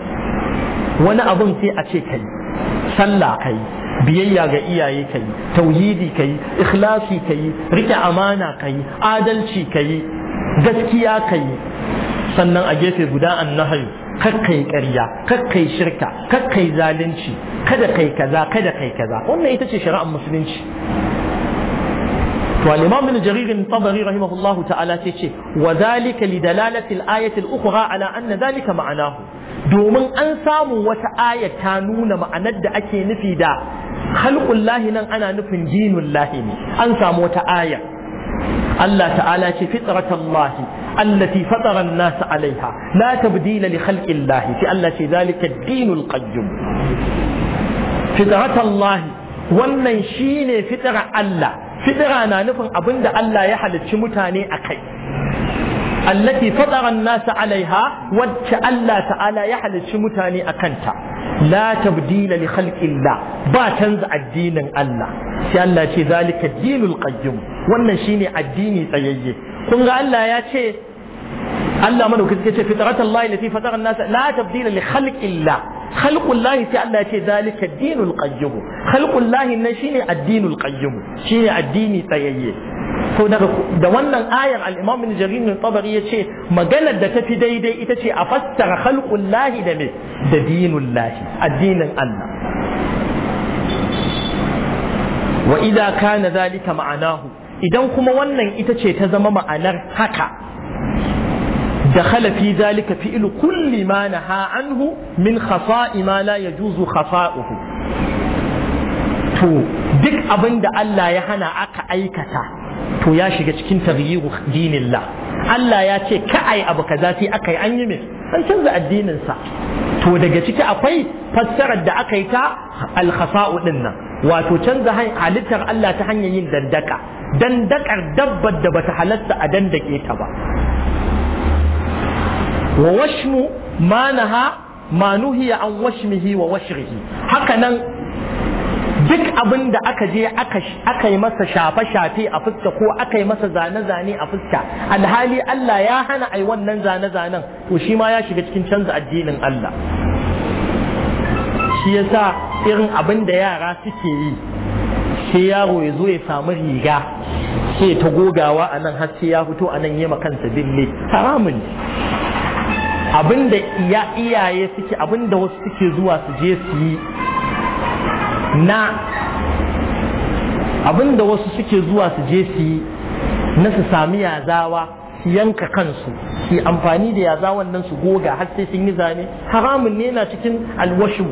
wani abun sai a ce kai sallah kai biyayya ga iyaye kai tauhidi kai ikhlasi kai rike amana kai adalci kai gaskiya kai sannan a gefe guda nahayu kakkai ƙarya kakkai shirka kakkai zalunci kada kai kaza kada kai kaza wannan ita ce shari'ar musulunci to al-imam ibn jarir tabari rahimahullahu ta'ala ce ce wa zalika li dalalati al-ayati al-ukhra ala anna zalika ma'anahu domin an samu wata aya ta nuna ma'anar da ake nufi da khalqul lahi nan ana nufin dinul lahi ne an samu wata aya Allah ta'ala ce fitratallahi allati fatara an-nas 'alayha la tabdila li khalqi Allah fi Allah ce zalika ad-dinul qayyim fitrat Allah wannan shine fitara Allah fitara na nufin abinda Allah ya halicci mutane akai allati fatara an-nas wacce Allah ta'ala ya halicci mutane akanta la tabdila li khalqillah ba canza addinin Allah sai Allah ce zalika dinul qayyim wannan shine addini tsayayye kun ga Allah ya ce Allah madaukakin ya ce fitrat Allah lati fatara an la tabdila li khalqillah lahi sai Allah ya ce zalika ad-dinul qayyim lahi nan shine ad-dinul shine addini tsayayye ko daga da wannan ayar al-Imam Ibn Jarir ibn Tabari yace maganar da tafi daidai ita ce a fassara lahi da me da lahi. addinin Allah wa idza kana zalika ma'anahu idan kuma wannan ita ce ta zama ma'anar haka دخل في ذلك فعل كل anhu نهى عنه من خفاء ما لا يجوز خفاؤه to duk abin da Allah ya hana aka aikata to ya shiga cikin taghyiru dinillah Allah ya ce ka ai abu kaza sai aka yi an yi mai an canza addinin sa to daga ciki akwai fassarar da aka yi ta al-khasa'u din wato canza halittar Allah ta hanyar yin dandaka dandakar dabbar da bata halatta a dandake ta ba wa washmu ma naha ma an washmihi wa washrihi haka nan duk abin da aka je aka yi masa shafe-shafe a fuska ko aka yi masa zane-zane a fuska alhali Allah ya hana ai wannan zane-zanen to shi ma ya shiga cikin canza addinin Allah shi yasa irin abin da yara suke yi sai yaro ya zo ya samu riga sai ta gogawa a nan har sai ya fito a nan yi kansa bille haramun abinda iya iyaye suke abinda wasu suke zuwa su je su yi na abinda wasu suke zuwa su je su yi na su sami yazawa su yanka kansu su amfani da yazawan nan su goga har sai sun yi zane haramun ne na cikin alwashu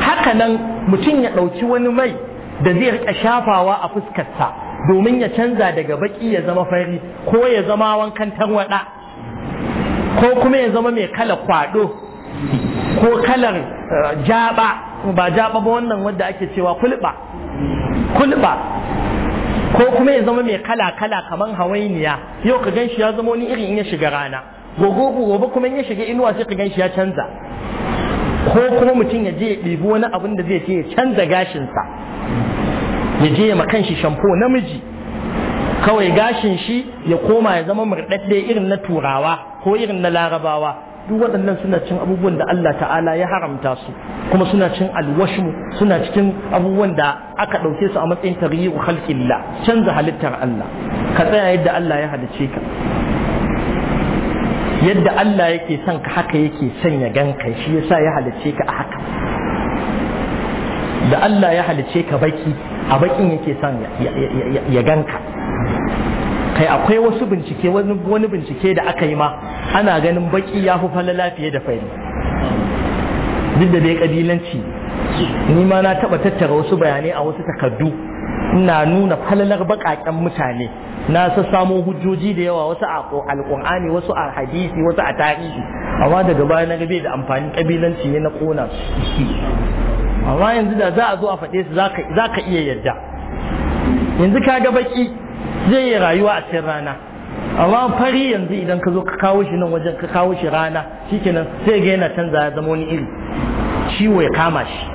haka nan mutum ya ɗauki wani mai da zai rika shafawa a fuskarsa domin ya canza daga baki ya zama fari ko ya zama wankan tarwaɗa ko kuma ya zama mai kala kwado ko kalar eh, jaba ba jaba ba wannan wanda ake cewa kulba kulba ko kuma ya zama mai kala kala kamar hawainiya yau ka ganshi ya zama wani irin in ya shiga rana gogo gobe kuma in ya shiga inuwa sai ka ganshi ya canza ko kuma mutum ya je ya ɗibi wani abin da zai ce ya canza gashinsa ya je ya makan shi shamfo namiji kawai gashin shi ya koma ya zama murɗaɗɗe irin na turawa ko irin na larabawa duk waɗannan suna cin abubuwan da Allah ta'ala ya haramta su kuma suna cin alwashmu suna cikin abubuwan da aka ɗauke su a matsayin tarihi khalqillah canza halittar Allah ka tsaya yadda Allah ya halice ka yadda Allah yake son ka haka yake son ya ganka shi yasa ya halice ka a haka da Allah ya halice ka baki a bakin yake son ya ganka kai akwai wasu bincike wani bincike da aka yi ma ana ganin baki ya fi falala fiye da fari duk da dai kabilanci ni ma na taba tattara wasu bayanai a wasu takardu ina nuna falalar bakaken mutane na sa samo hujjoji da yawa wasu a alkur'ani wasu a hadisi wasu a tarihi amma daga baya na gabe da amfani kabilanci ne na kona amma yanzu da za a zo a faɗe su za ka iya yadda yanzu ka ga baki zai yi rayuwa a cikin rana amma fari yanzu idan ka zo ka kawo shi nan wajen ka kawo shi rana shikenan sai ga yana canza ya zama wani iri ciwo ya kama shi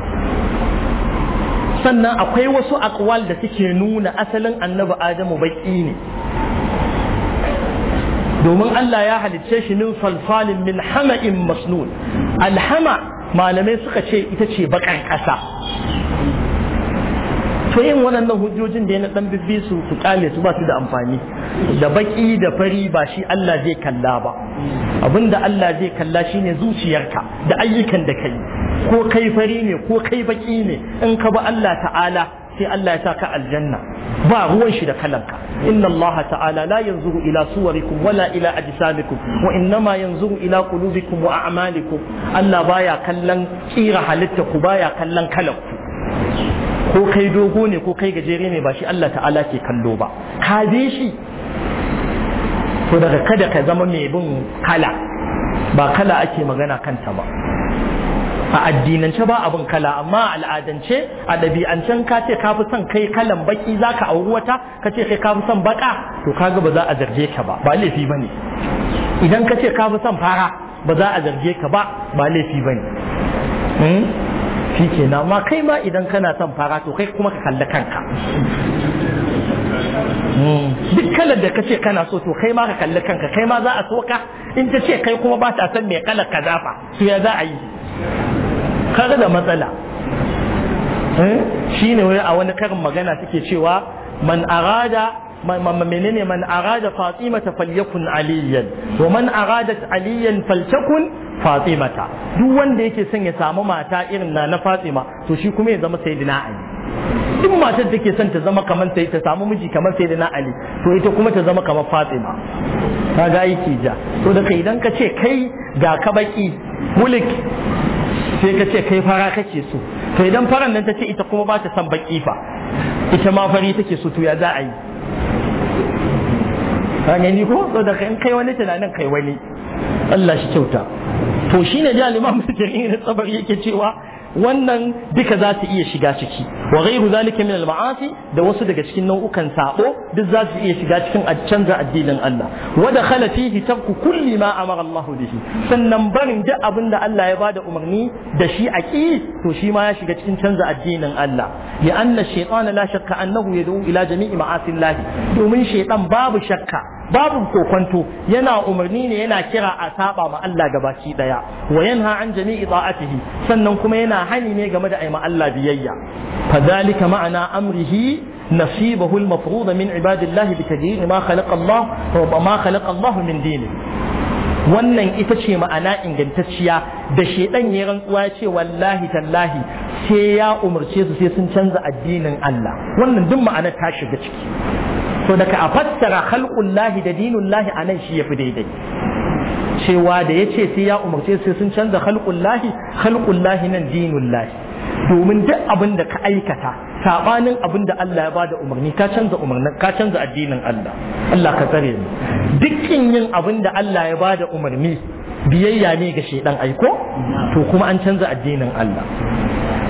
sannan akwai wasu akwal da suke nuna asalin annabi adamu baki ne domin Allah ya halicce shi min falfalin min hama'in masnun alhama malamai suka ce ita ce bakan ƙasa sai yin waɗannan hujjojin da ya ɗan bibbi su ku su ba su da amfani da baki da fari ba shi Allah zai kalla ba da Allah zai kalla shine zuciyarka da ayyukan da kayi. ko kai fari ne ko kai baki ne in ka ba Allah ta'ala sai Allah ya sa ka aljanna ba ruwan shi da kalanka inna Allah ta'ala la yanzuru ila suwarikum wala ila ajsamikum wa innama yanzuru ila qulubikum wa a'malikum Allah baya kallon kira halitta ku baya kallon kalanku ko kai dogo ne ko kai gajere ne ba shi Allah ta'ala ke kallo ba ka shi to daga kada ka zama mai bin kala ba kala ake magana kanta ba a addinance ba abin kala amma al'adance a ɗabi'ancen ka ce ka fi son kai kalan baki za ka auri wata ka ce kai ka fi son baka to kaga ba za a zarge ka ba ba laifi ba ne idan ka ce ka fi son fara ba za a zarge ka ba ba laifi ba ne hmm? shi ke na ma kai ma idan kana son fara to kai kuma ka kalli kanka hmm. duk kalar da kace kana so to kai ma ka kalli kanka kai ma za a so ka in ta ce kai kuma ba ta san mai kalar ka zafa to ya za a yi kaga da matsala hmm? shine wai a wani karin magana suke cewa man arada menene man arada fatimata falyakun aliyan wa man aradat aliyan faltakun fatimata duk wanda yake son ya samu mata irin na na fatima to shi kuma ya zama sayyidina ali duk matar da ke son ta zama kamar sai ta samu miji kamar sayyidina ali to ita kuma ta zama kamar fatima ka ga aiki ja to da kai idan ka ce kai ga ka baki mulik sai ka ce kai fara kake so to idan faran nan ta ce ita kuma ba ta son baki fa ita ma fari take so to ya za a yi ka gani ko so da in kai wani tunanin kai wani Allah shi kyauta to shine da al-Imam Jarir tsabari yake cewa wannan duka za su iya shiga ciki wa ghairu zalika min al-ma'asi da wasu daga cikin nau'ukan sabo duk za su iya shiga cikin canza addinin Allah wa dakhala fihi tarku kulli ma amara Allah bihi sannan barin duk abin da Allah ya bada umarni da shi a ki to shi ma ya shiga cikin canza addinin Allah ya anna shaytana la shakka annahu yad'u ila jami'i ma'asi Allah domin shaytan babu shakka babu kokonto yana umarni ne yana kira a saba ma Allah gabaki daya wa yanha an jami'i ta'atihi sannan kuma yana yana hani ne game da aima Allah biyayya fadhalika ma'ana amrihi nasibahu al-mafruḍ min ibadillahi bi tadyin ma khalaqa Allah wa ma khalaqa Allah min dini wannan ita ce ma'ana ingantacciya da shedan ya rantsuwa ce wallahi tallahi sai ya umarce su sai sun canza addinin Allah wannan duk ma'ana ta shiga ciki so daga a fassara khalqullahi da dinullahi anan shi yafi daidai cewa da ya ce sai ya umarce sai sun canza khalqullahi nan dinullahi domin duk abin da ka aikata sabanin abin da Allah ya bada umarni ka canza umarni ka canza addinin Allah Allah ka tsare mu dukkin yin abin da Allah ya bada umarni biyayya ne ga shedan aiko to kuma an canza addinin Allah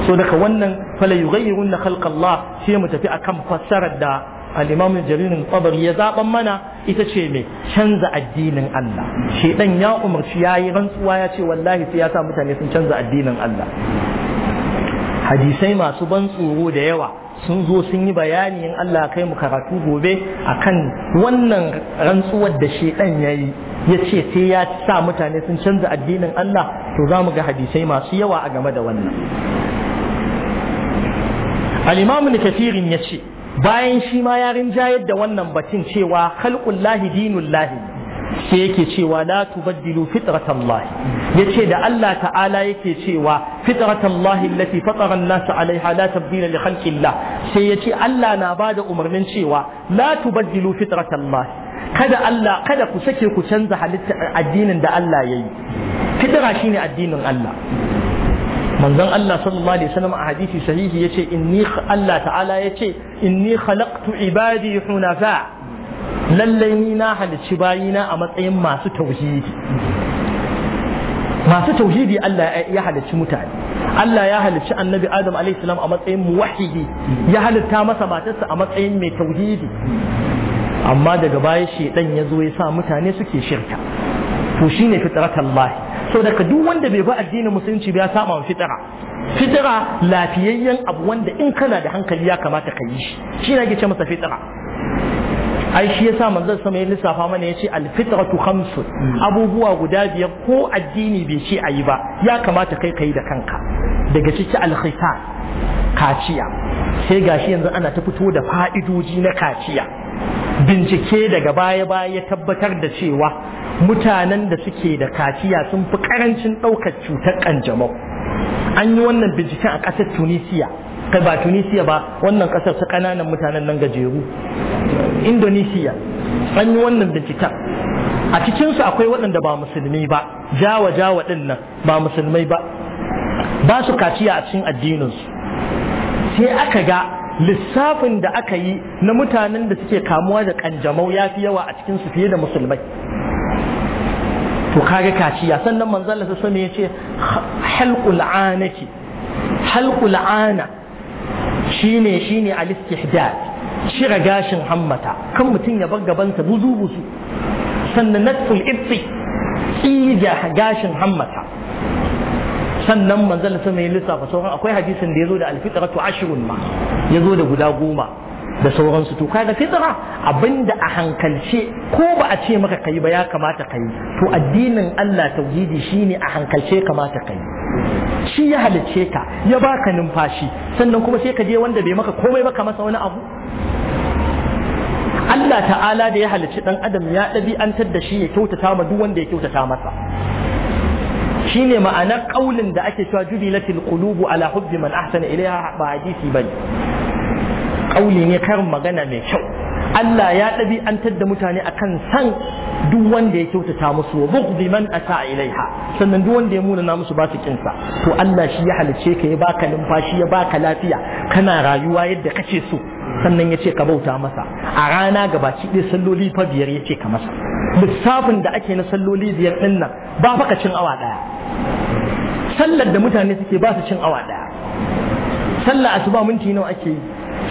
so daga wannan fala yughayyirunna khalqallah sai mu tafi akan fassarar da al jaririn jarir ya zaban mana ita ce me canza addinin Allah shedan ya umarci yayi rantsuwa ya ce wallahi sai ya sa mutane sun canza addinin Allah hadisai masu ban tsoro da yawa sun zo sun yi bayani in Allah kai mu karatu gobe akan wannan rantsuwar da shedan yayi ya ce sai ya sa mutane sun canza addinin Allah to za mu ga hadisai masu yawa a game da wannan al-imam kafirin ya ce bayan shi ma ya rinjayar da wannan batun cewa khalqul lahi dinul lahi sai yake cewa la tubaddilu fitratan lahi yace da Allah ta'ala yake cewa fitratan lahi allati fatara an-nas 'alayha la tabdila li khalqillah sai yace Allah na bada umarnin cewa la tubaddilu fitratan lahi kada Allah kada ku sake ku canza halitta addinin da Allah yayi fitra shine addinin Allah manzon Allah sallallahu alaihi wasallam a hadisi sahihi yace inni Allah ta'ala yace inni khalaqtu ibadi hunafa lallai ni na halicci bayina a matsayin masu tauhidi masu tauhidi Allah ya halicci mutane Allah ya halicci annabi Adam alaihi salam a matsayin muwahhidi ya halitta masa matarsa a matsayin mai tauhidi amma daga baya shedan ya zo ya sa mutane suke shirka to shine fitrat so daga duk wanda bai bi addinin musulunci ba ya saba wa fitira fitira lafiyayyen abu wanda in kana da hankali ya kamata ka yi shi shi ne ce masa fitira ai shi yasa manzon sama ya lissafa mana yace al fitratu khamsu abubuwa guda biyar ko addini bai ce ayi ba ya kamata kai kai da kanka daga ciki al kaciya sai gashi yanzu ana ta fito da fa'idoji na kaciya bincike daga baya-baya ya tabbatar da cewa mutanen da suke da kaciya sun fi karancin ɗaukar cutar kanjamau an yi wannan binciken a ƙasar tunisiya kai ba tunisiya ba wannan ƙasar ta ƙananan mutanen nan gajeru indonesiya an yi wannan binciken a cikinsu akwai waɗanda ba musulmi ba jawa jawa ɗin nan ba musulmai ba ba su kaciya a cikin addininsu sai aka ga lissafin da aka yi na mutanen da suke kamuwa da kanjamau ya fi yawa a cikin su fiye da musulmai to kaga kaciya sannan manzon Allah sallallahu alaihi ya ce halqul anaki halqul ana shine shine al-istihdad shira gashin hammata kan mutum ya bar gabansa buzu buzu sannan natful ibti tsiga gashin hammata sannan manzon sama ya lissafa sauran akwai hadisin da yazo da to ashrun ma yazo da guda goma da sauransu to kaga fitra abinda a hankalce ko ba a ce maka kai ba ya kamata kai to addinin Allah tauhidi shine a hankalce kamata kai shi ya halicce ka ya baka numfashi sannan kuma sai ka je wanda bai maka komai ba ka masa wani abu Allah ta'ala da ya halicci dan adam ya ɗabi'antar da shi ya kyautata ma duk wanda ya kyautata masa shi ne ma'anar ƙaunin da ake cewa jubilatil qulubu ala hubbi man ahsana ilaiha ba hadisi ne ƙauli ne karin magana mai kyau Allah ya ɗabi'antar da mutane akan san duk wanda ya kyautata musu wa bughdi man ata ilaiha sannan duk wanda ya muna musu ba su kinsa to Allah shi ya halice ka ya baka numfashi ya baka lafiya kana rayuwa yadda kace so sannan ya ce ka bauta masa a rana gabaci ɗaya salloli fa biyar ya ce ka masa lissafin da ake na salloli biyar ɗin nan ba fa cin awa ɗaya sallar da mutane suke ba su cin awa ɗaya sallar asuba minti nawa ake yi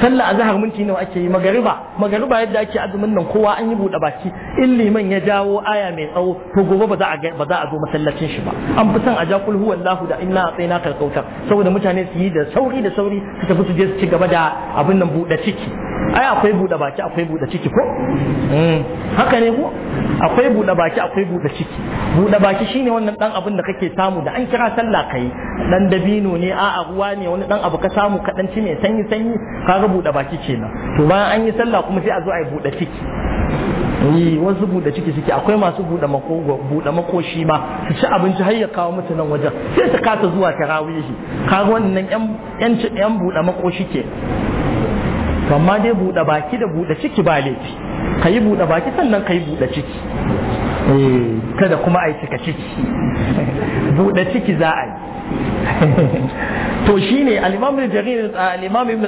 sallah azhar minti nawa ake yi magariba magariba yadda ake azumin nan kowa an yi buɗe baki in liman ya jawo aya mai tsawo to gobe ba za a ba za a zo masallacin shi ba an fi son a ja kul huwallahu da inna atsaina kalkautar saboda mutane su yi da sauri da sauri su tafi su je su ci gaba da abin nan buɗe ciki ai akwai buɗe baki akwai buɗe ciki ko hmm. haka ne ko akwai buɗe baki akwai buɗe ciki buɗe baki shine wannan dan abin da kake samu da an kira sallah kai dan dabino ne a'a ruwa ne wani dan abu ka samu ka dan ci mai sanyi sanyi ka ga buɗe baki kenan to bayan an yi sallah kuma sai a zo a yi buɗe ciki ni wasu buɗe ciki suke akwai masu buɗe mako buɗe makoshi ma su ci abinci har ya kawo musu nan wajen sai su kasa zuwa tarawihi kaga wannan yan yan buɗe makoshi ke amma dai buɗe baki da buɗe ciki ba laifi ka yi buɗe baki sannan ka yi buɗe ciki eh, kada kuma a yi cika ciki buɗe ciki za a yi to shi ne alimamin ibn jarir al-imam ibn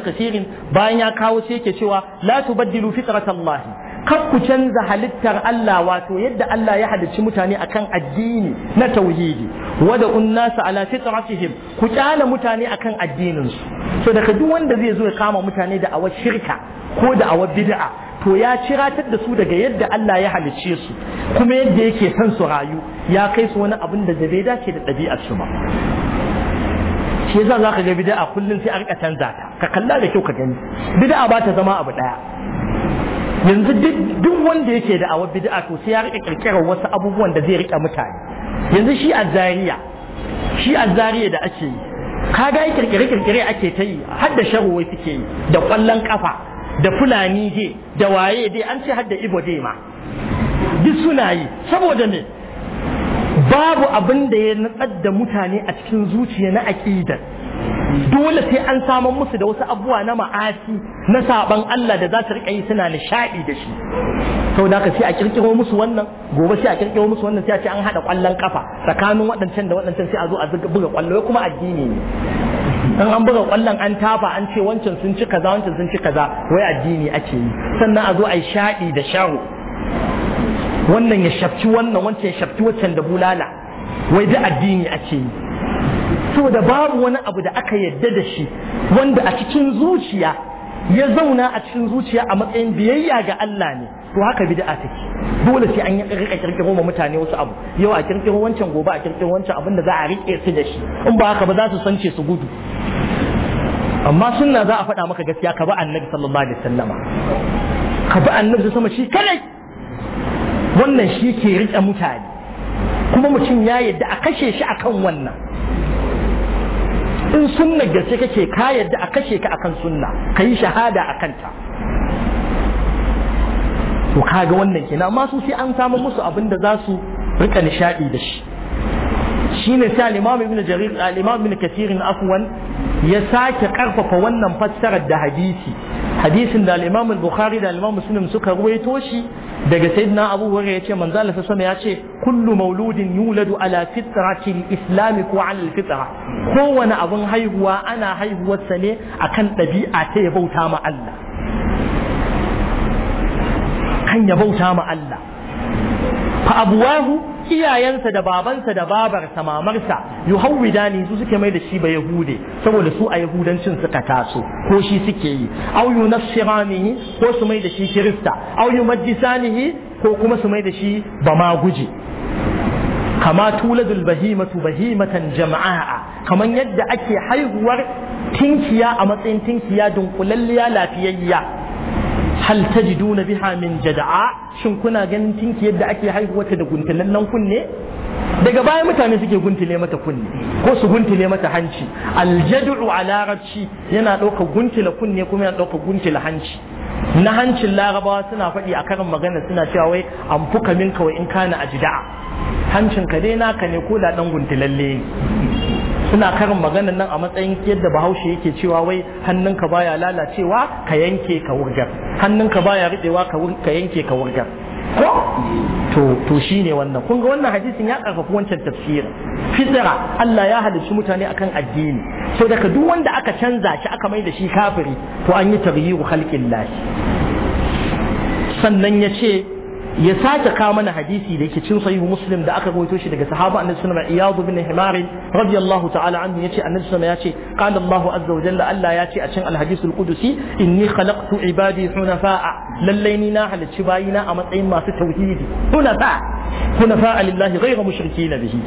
bayan ya kawo sai yake cewa la baddilu fitratallahi kar ku canza halittar Allah wato yadda Allah ya halicci mutane akan addini na tauhidi wada unnasa ala fitratihim ku kyala mutane akan addinin su so daga duk wanda zai zo ya kama mutane da awar shirka ko da awar bid'a to ya ciratar da su daga yadda Allah ya halicce su kuma yadda yake son su rayu ya kai su wani abin da bai dace da ɗabi'ar su ba shi yasa zaka ga bid'a kullun sai a rika canza ta ka kalla da kyau ka gani bid'a ba ta zama abu daya yanzu duk wanda yake da awa bid'a to sai ya rika kirkirar wasu abubuwan da zai rika mutane yanzu shi azariya shi azariya da ake yi kaga ya kirkire kirkire ake ta yi har da wai suke yi da kwallon kafa da fulani dai da waye dai an ce har da ibo dai ma duk suna yi saboda me babu abin da ya natsar da mutane a cikin zuciya na aƙidar dole sai an saman musu da wasu abubuwa na ma'asi na saban Allah da za su riƙa yi suna nishaɗi da shi sau da sai a kirkiro musu wannan gobe sai a kirkiro musu wannan sai a ce an haɗa ƙwallon ƙafa tsakanin waɗancan da waɗancan sai a zo a buga ƙwallo kuma addini ne in an buga ƙwallon an tafa an ce wancan sun ci kaza wancan sun ci kaza wai addini ake yi sannan a zo a yi shaɗi da shaho wannan ya shafci wannan wancan ya shafci wancan da bulala wai da addini ake yi da babu wani abu da aka yadda da shi wanda a cikin zuciya ya zauna a cikin zuciya a matsayin biyayya ga Allah ne to haka bid'a take dole sai an yi rika kirkiro ma mutane wasu abu yau a kirkiro wancan gobe a kirkiro wancan abin da za a rike su da shi in ba haka ba za su sance su gudu amma sunna za a faɗa maka gaskiya ka ba annabi sallallahu alaihi wasallama ka ba annabi sama shi kadai wannan shi ke rike mutane kuma mutum ya yadda a kashe shi akan wannan in sunna gaske kake ka yadda a kashe ka akan sunna ka yi shahada a kanta to kaga wannan kenan amma su sai an samu musu abin da za su rika nishadi da shi shine sai al-Imam Ibn Jarir al-Imam Ibn Kathir afwan ya sake karfafa wannan fassarar da hadisi hadisin da al-Imam Bukhari da al-Imam Muslim suka ruwaito shi daga sayyidina abu ya ce manzo Allah sallallahu ya ce kullu mauludin yuladu ala fitratil islami ko ala fitra kowane abun haihuwa ana haihuwarsa ne akan ɗabi'a ta ya bauta ma Allah kan ya bauta ma Allah fa abuwahu iyayensa da babansa da babarsa mamarsa ne su suke mai da shi ba yahude saboda su a yahudancin suka taso ko shi suke yi aw yunassiranihi ko su mai da shi kirista aw majisanihi ko kuma su mai da shi ba ma kama tuladul bahimatu bahimatan jama'a kaman yadda ake haihuwar tinkiya a matsayin tinkiya dunkulalliya lafiyayya hal tajiduna biha min jada'a shin kuna ganin tinki yadda ake haihuwa ta da guntulallen kunne daga baya mutane suke guntule mata kunne ko su guntule mata hanci aljad'u a larabci yana ɗaukar guntula kunne kuma yana ɗaukar guntula hanci na hancin larabawa suna faɗi a karin magana suna cewa wai an fuka min kawai in kana a jida'a hancin ka dai naka ne ko da ɗan guntulalle suna karin maganar nan a matsayin yadda bahaushe yake cewa wai hannunka baya lalacewa ka yanke ka wurgar hannunka baya riɗewa ka yanke ka wurgar ko to to shine wannan kun ga wannan hadisin ya karfafi wancan tafsirin fitra Allah ya halicci mutane akan addini sai daga duk wanda aka canza shi aka mai da shi kafiri to an yi taghyiru khalqillah sannan ya ce ya sake kawo mana hadisi da yake cin sahihu muslim da aka rawaito shi daga sahaba annabi sallallahu alaihi wasallam iyad ibn himar radiyallahu ta'ala anhu yace annabi sallallahu alaihi wasallam yace qala allah azza wa jalla Allah yace a cin alhadisul qudusi inni khalaqtu ibadi hunafa'a lallai ni na halicci bayina a matsayin masu tauhidi hunafa hunafa lillahi ghayra mushrikina bihi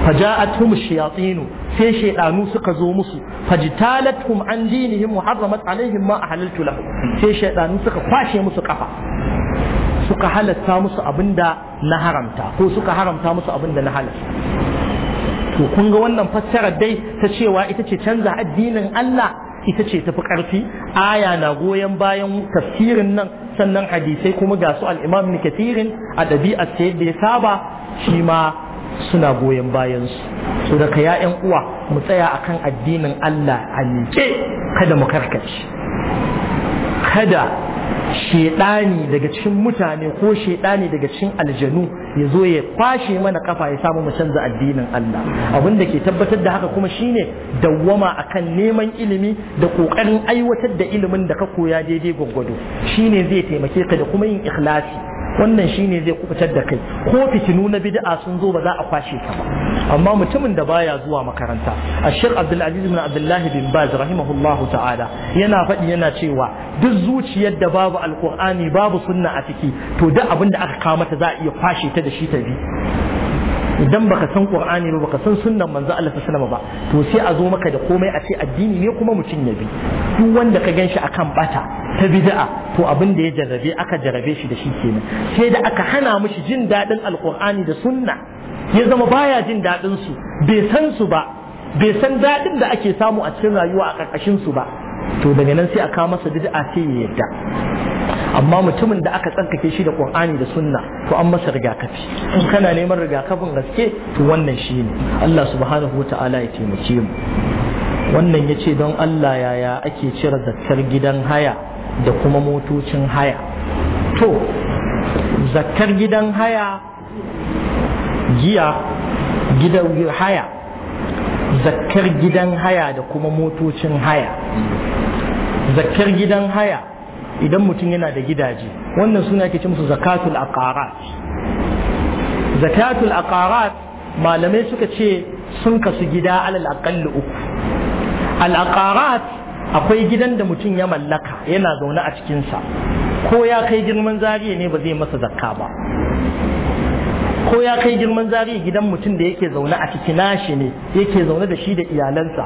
فجاءتهم الشياطين sai shaidanu suka zo musu fajtalathum an dinihim muharramat alaihim ma ahlaltu lahum sai shaidanu suka kwashe musu kafa suka halatta musu abinda na haramta ko suka haramta musu abinda na halatta to kun ga wannan fassarar dai ta cewa ita ce canza addinin Allah ita ce tafi ƙarfi aya na goyon bayan tafsirin nan sannan hadisai kuma ga su al-Imam kafirin a ɗabi'ar ta yadda ya saba shi ma suna goyon bayan su so daga ya'yan uwa mu tsaya akan addinin Allah a miƙe kada mu karkace kada shedani daga cikin mutane ko shedani daga cikin aljanu ya zo ya kwashe mana kafa ya samu mu canza addinin Allah abin da ke tabbatar da haka kuma shine dawwama akan neman ilimi da kokarin aiwatar da ilimin da ka koya daidai gwaggwado shine zai taimake ka da kuma yin ikhlasi wannan shine zai kubutar da kai ko fitinu na bid'a sun zo ba za a kwashe ka ba amma mutumin da baya zuwa makaranta ashir abdul aziz bin abdullahi bin baz rahimahullahu ta'ala yana faɗi yana cewa duk zuciyar da babu alqur'ani babu sunna a ciki to duk abin da aka kawo mata za a iya kwashe ta da shi ta bi idan baka san qur'ani ba baka san sunnan manzo Allah sallallahu ba to sai a zo maka da komai a ce addini ne kuma mutum ya bi duk wanda ka ganshi akan bata ta bid'a to abin da ya jarrabe aka jarrabe shi da shi kenan sai da aka hana mishi jin dadin alqur'ani da sunna ya zama baya jin dadin su bai san su ba bai san dadin da ake samu a cikin rayuwa a karkashin su ba to daga nan sai a kawo masa bid'a sai ya yadda amma mutumin da aka tsarkake shi da qur'ani da sunna to an masa rigakafi in kana neman rigakafin gaske to wannan shine Allah subhanahu wata'ala ya taimake mu wannan ya ce don Allah yaya ake cire zakkar gidan haya da kuma motocin haya to zakkar gidan haya giya gidan haya zakkar gidan haya da kuma motocin haya zakkar gidan haya idan mutum yana da gidaje wannan suna ke ce musu zakatul aqarat zakatul aqarat malamai suka ce sun kasu gida alal aqalli uku al aqarat akwai gidan da mutum ya mallaka yana zaune a cikin sa ko ya kai girman zariya ne ba zai masa zakka ba ko ya kai girman zariya gidan mutum da yake zaune a ciki nashi ne yake zaune da shi da iyalansa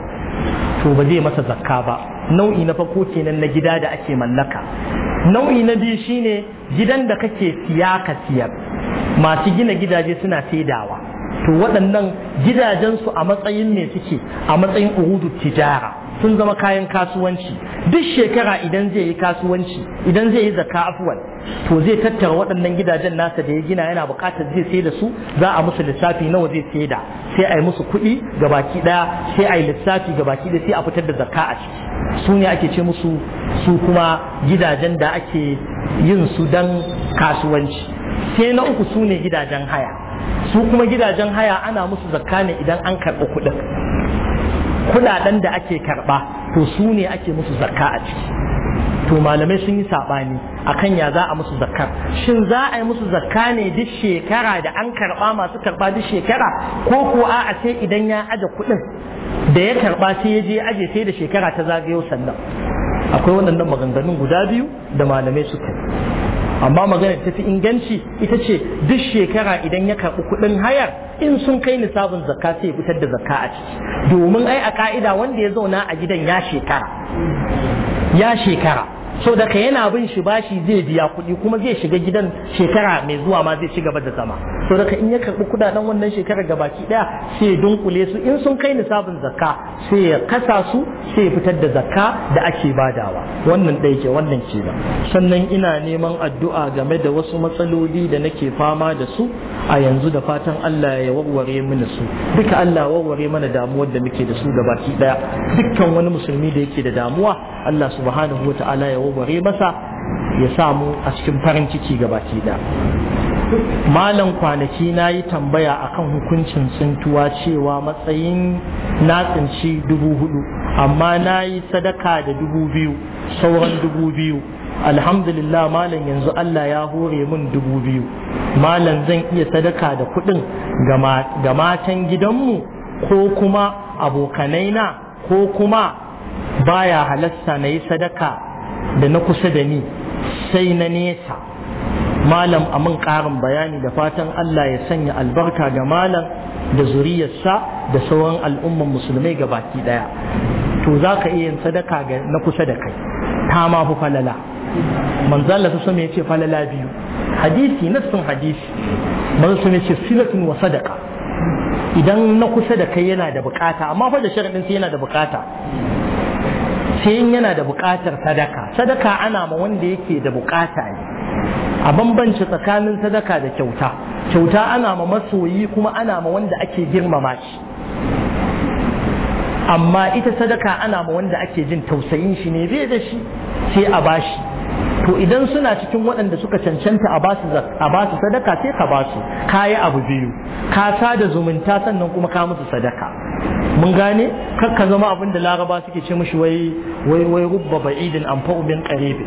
to ba zai masa zakka ba nau'i na farko kenan na gida da ake mallaka nau'i na biyu shine gidan da kake siya ka siyar masu gina gidaje suna saidawa to waɗannan gidajensu a matsayin ne suke a matsayin uhudu tijara sun zama kayan kasuwanci duk shekara idan zai yi kasuwanci idan zai yi zakka afwal to zai tattara waɗannan gidajen nasa da ya gina yana buƙatar zai sai da su za a musu lissafi nawa zai sai da sai a yi musu kuɗi ga baki ɗaya sai a yi lissafi ga baki ɗaya sai a fitar da zakka a ciki su ne ake ce musu su kuma gidajen da ake yin su dan kasuwanci sai na uku su ne gidajen haya su kuma gidajen haya ana musu zakka ne idan an karɓi kuɗin kudaden da ake karɓa to su ne ake musu zakka a ciki to malamai sun yi sabani akan ya za a musu zakkar shin za a yi musu zakka ne duk shekara da an karɓa masu karɓa duk shekara ko ko a sai idan ya aje kudin da ya karɓa sai ya je aje sai da shekara ta zagayo sannan akwai waɗannan maganganun guda biyu da malamai suka amma magana ta fi inganci ita ce duk shekara idan ya karɓi kuɗin hayar in sun kai nisabin zakka sai ya fitar da zakka a ciki domin ai a ka'ida wanda ya zauna a gidan ya shekara ya shekara so daga yana bin shi bashi zai biya kuɗi kuma zai shiga gidan shekara mai zuwa ma zai ci gaba da zama so daga in ya karɓi kudaden wannan shekarar ga baki ɗaya sai ya dunkule su in sun kai nisabin zakka sai ya kasa su sai ya fitar da zakka da ake badawa wannan ɗaya ke wannan ke ba sannan ina neman addu'a game da wasu matsaloli da nake fama da su a yanzu da fatan Allah ya warware mini su duka Allah warware mana damuwar da muke da su ga baki ɗaya dukkan wani musulmi da yake da damuwa Allah subhanahu wa ta'ala ya warware masa ya samu a cikin farin ciki ga baki ɗaya malam kwanaki na yi tambaya akan hukuncin tsintuwa cewa matsayin na tsinci dubu hudu amma na yi sadaka da dubu biyu sauran dubu biyu alhamdulillah malam yanzu Allah ya hore min dubu biyu malam zan iya sadaka da kudin ga matan gidanmu ko kuma abokanai na ko kuma baya halasta na yi sadaka da na kusa da ni sai na nesa malam a mun ƙarin bayani da fatan Allah ya sanya albarka ga malam da zuriyarsa da sauran al'umman musulmai ga baki ɗaya to za ka iya yin sadaka ga na kusa da kai ta ma fi falala manzan lafi sun ya ce falala biyu hadisi sun hadisi manzan sun ya ce silatun wa sadaka idan na kusa da kai yana da bukata amma fa da sharaɗin sai yana da bukata sai yana da bukatar sadaka sadaka ana ma wanda yake da bukata ne a bambance tsakanin sadaka da kyauta kyauta ana ma masoyi kuma ana ma wanda ake girmama shi amma ita sadaka ana ma wanda ake jin tausayin shi ne bai da shi sai a bashi to idan suna cikin waɗanda suka cancanta a basu su sadaka sai ka basu yi abu biyu ka sa da zumunta sannan kuma ka musu sadaka mun gane kakka zama abin da laraba suke ce mishi wai wai rubba ba'idin amfa'u min karebe.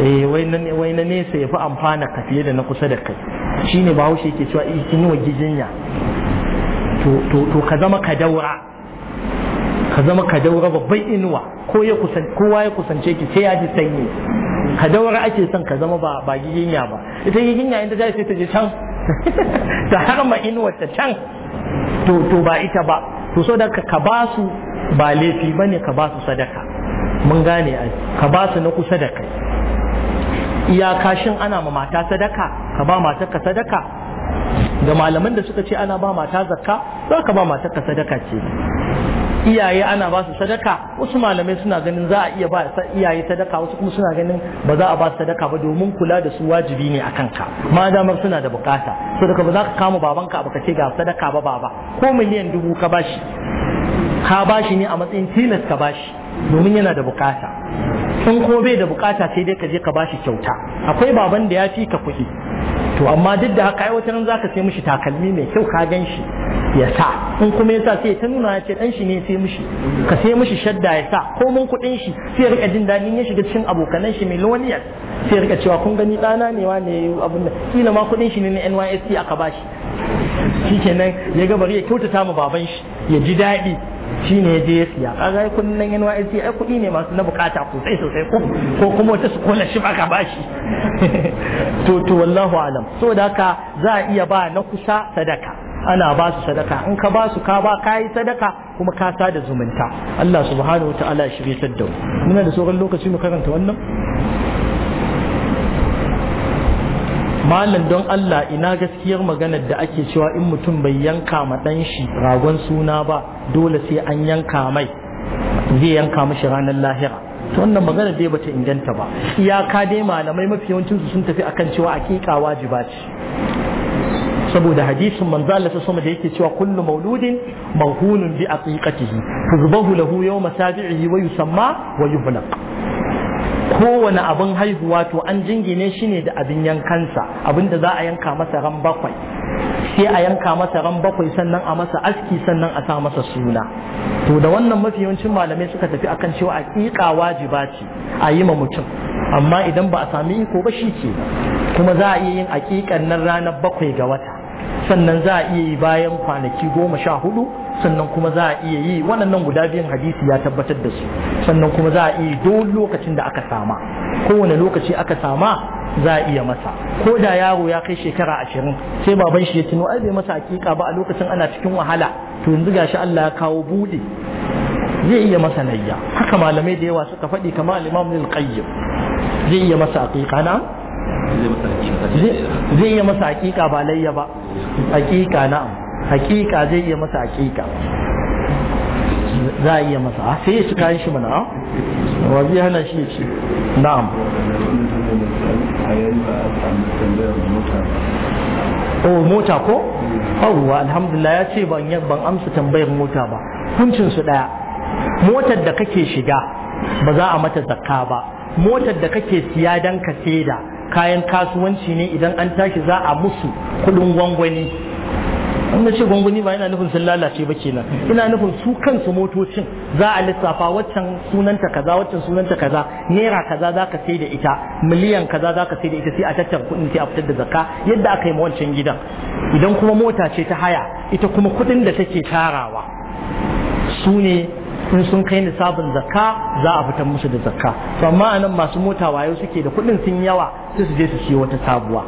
eh wai na wai na nesa ya fi amfana ka fiye da na kusa da kai shine bahaushe ke cewa eh kin wa gijinya to to to ka zama ka daura ka zama ka daura babban inuwa ko ya kusan kowa ya kusance ki sai ya ji sanyi ka daura ake son ka zama ba ba gijinya ba ita gijinya inda ta sai ta je can ta harma inuwar ta can to to ba ita ba to so da ka ba su ba laifi bane ka ba su sadaka mun gane ai ka ba su na kusa da kai iyaka kashin ana ma mata sadaka ka ba mata ka sadaka da malaman da suka ce ana ba mata zakka za ka ba mata ka sadaka ce iyaye ana ba su sadaka wasu malamai suna ganin za a iya ba iyaye sadaka wasu kuma suna ganin ba za a ba su sadaka ba domin kula da su wajibi ne akan ka ma damar suna da bukata sadaka ba za ka kama babanka ba ka ce ga sadaka ba baba ko miliyan dubu ka bashi ka bashi ne a matsayin tilas ka bashi domin yana da bukata in ko bai da bukata sai dai ka je ka bashi kyauta akwai baban da ya fi ka kuɗi to amma duk da haka wata za ka sai mishi takalmi mai kyau ka gan shi ya sa in kuma ya sa sai ta nuna ya ce dan shi ne sai mishi ka sai mishi shadda ya sa ko mun kuɗin shi sai rika jin daɗin ya shiga cikin abokanan shi miliyoniyar sai rika cewa kun gani ɗana ne wa ne abun nan kila ma kuɗin shi ne na NYSC aka bashi shikenan ya ga bari ya kyautata ma baban shi ya ji daɗi shi ne je ya siya kaga ai kudin nan yanwa ai ai kudi ne masu na bukata sosai sosai ko ko kuma wata su shi aka bashi to to wallahu alam da ka za a iya ba na kusa sadaka ana ba su sadaka in ka ba su ka ba ka yi sadaka kuma ka da zumunta Allah subhanahu wa ta'ala shi bai sadda muna da sauran lokaci mu karanta wannan malam don Allah ina gaskiyar maganar da ake cewa in mutum bai yanka ma ɗan shi ragon suna ba dole sai an yanka mai zai yanka mashi ranar lahira wannan magana dai bata inganta ba iyaka dai malamai mafi yawancin su sun tafi akan cewa akika wajiba ce saboda hadisin manzo Allah ta sama da yake cewa kullu mauludin mawhunun bi aqiqatihi fuzbahu lahu yawma sabi'ihi wa yusamma wa yuhlaq kowane abin haihuwa to an jingine shi ne da abin yankansa abin da za a yanka masa ran bakwai sai a yanka masa ran bakwai sannan a masa aski sannan a sa masa suna to da wannan mafi yawancin malamai suka tafi akan cewa a aƙiƙa wajiba ce a yi ma mutum amma idan ba a sami iko ba shi ke kuma za a iya yin aƙiƙan nan ranar bakwai ga wata sannan za a iya yi bayan kwanaki goma sha hudu sannan kuma za a iya yi wannan guda biyan hadisi ya tabbatar da su sannan kuma za a iya duk lokacin da aka sama kowane lokaci aka sama za a iya masa ko da yaro ya kai shekara ashirin sai baban shi ya tuno ai bai masa hakika ba a lokacin ana cikin wahala to yanzu gashi Allah ya kawo bude. zai iya masa nayya haka malamai da yawa suka faɗi kamar al-Imam al-Qayyim zai iya masa hakika na zai iya masa hakika ba layya ba hakika na'am hakika zai iya masa hakika za a iya masa ah, sai ya ci kayan shi mana ah. wa zai hana shi ya ci na'am o oh, mota ko yawwa alhamdulillah ya ce ban ban amsa tambayar mota ba kuncin su daya motar da kake shiga ba za a mata zakka ba motar da kake siya dan ka saida kayan kasuwanci ne idan an tashi za a musu kudin gwangwani wanda ce gwangwani ba yana nufin sun lalace ba kenan ina nufin su kansu motocin za a lissafa waccan sunanta kaza waccan sunanta kaza naira kaza za ka sai da ita miliyan kaza za ka sai da ita sai a tattar kuɗin sai a fitar da zakka yadda aka yi ma wancan gidan idan kuma mota ce ta haya ita kuma kuɗin da take tarawa su ne in sun kai nisabin zakka za a fitar musu da zakka to amma anan masu mota wayo suke da kuɗin sun yawa sai su je su siyo wata sabuwa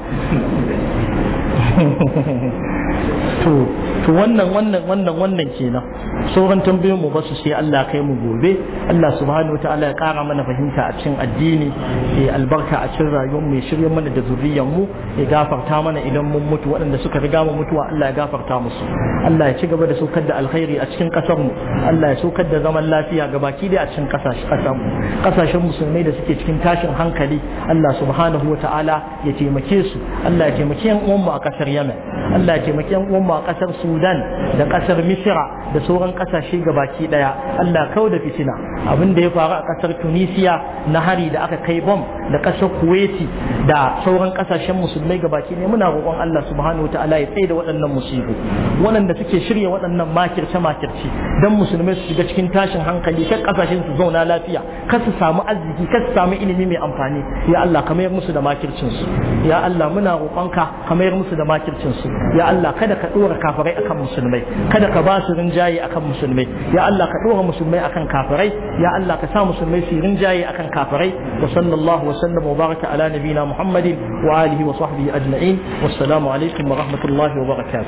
ถูก to wannan wannan wannan wannan kenan sauran tambayoyin mu basu sai Allah kai mu gobe Allah subhanahu wataala ya kara mana fahimta a cikin addini ya albarka a cikin rayuwar mu ya shirye mana da zuriyar mu ya gafarta mana idan mun mutu waɗanda suka riga mu mutuwa Allah ya gafarta musu Allah ya ci gaba da saukar da alkhairi a cikin ƙasar mu Allah ya saukar da zaman lafiya baki da a cikin ƙasashen mu ƙasashen musulmai da suke cikin tashin hankali Allah subhanahu wataala ya taimake su Allah ya taimake yan uwan mu a ƙasar Yemen Allah ya taimake yan uwan mu a ƙasar Sudan sudan da kasar misira da sauran kasashe gabaki ɗaya allah kawo da fitina abin da ya faru a kasar tunisia na hari da aka kai bom da kasar kuwaiti da sauran kasashen musulmai gabaki ne muna roƙon allah subhanahu ta'ala ya tsaye da waɗannan musibu waɗanda suke shirya waɗannan makirce makirce dan musulmai su shiga cikin tashin hankali shan kasashen su zauna lafiya kar su samu arziki kar su samu ilimi mai amfani ya allah ka mayar musu da makircin su ya allah muna roƙonka ka mayar musu da makircin su ya allah kada ka ɗora akan musulmai kada ka ba su rinjaye akan musulmai ya Allah ka dora musulmai akan kafirai ya Allah ka sa musulmai su rinjaye akan kafirai wa sallallahu wa sallama wa baraka ala nabina muhammadin wa alihi wa sahbihi ajma'in wassalamu alaikum wa rahmatullahi wa barakatuh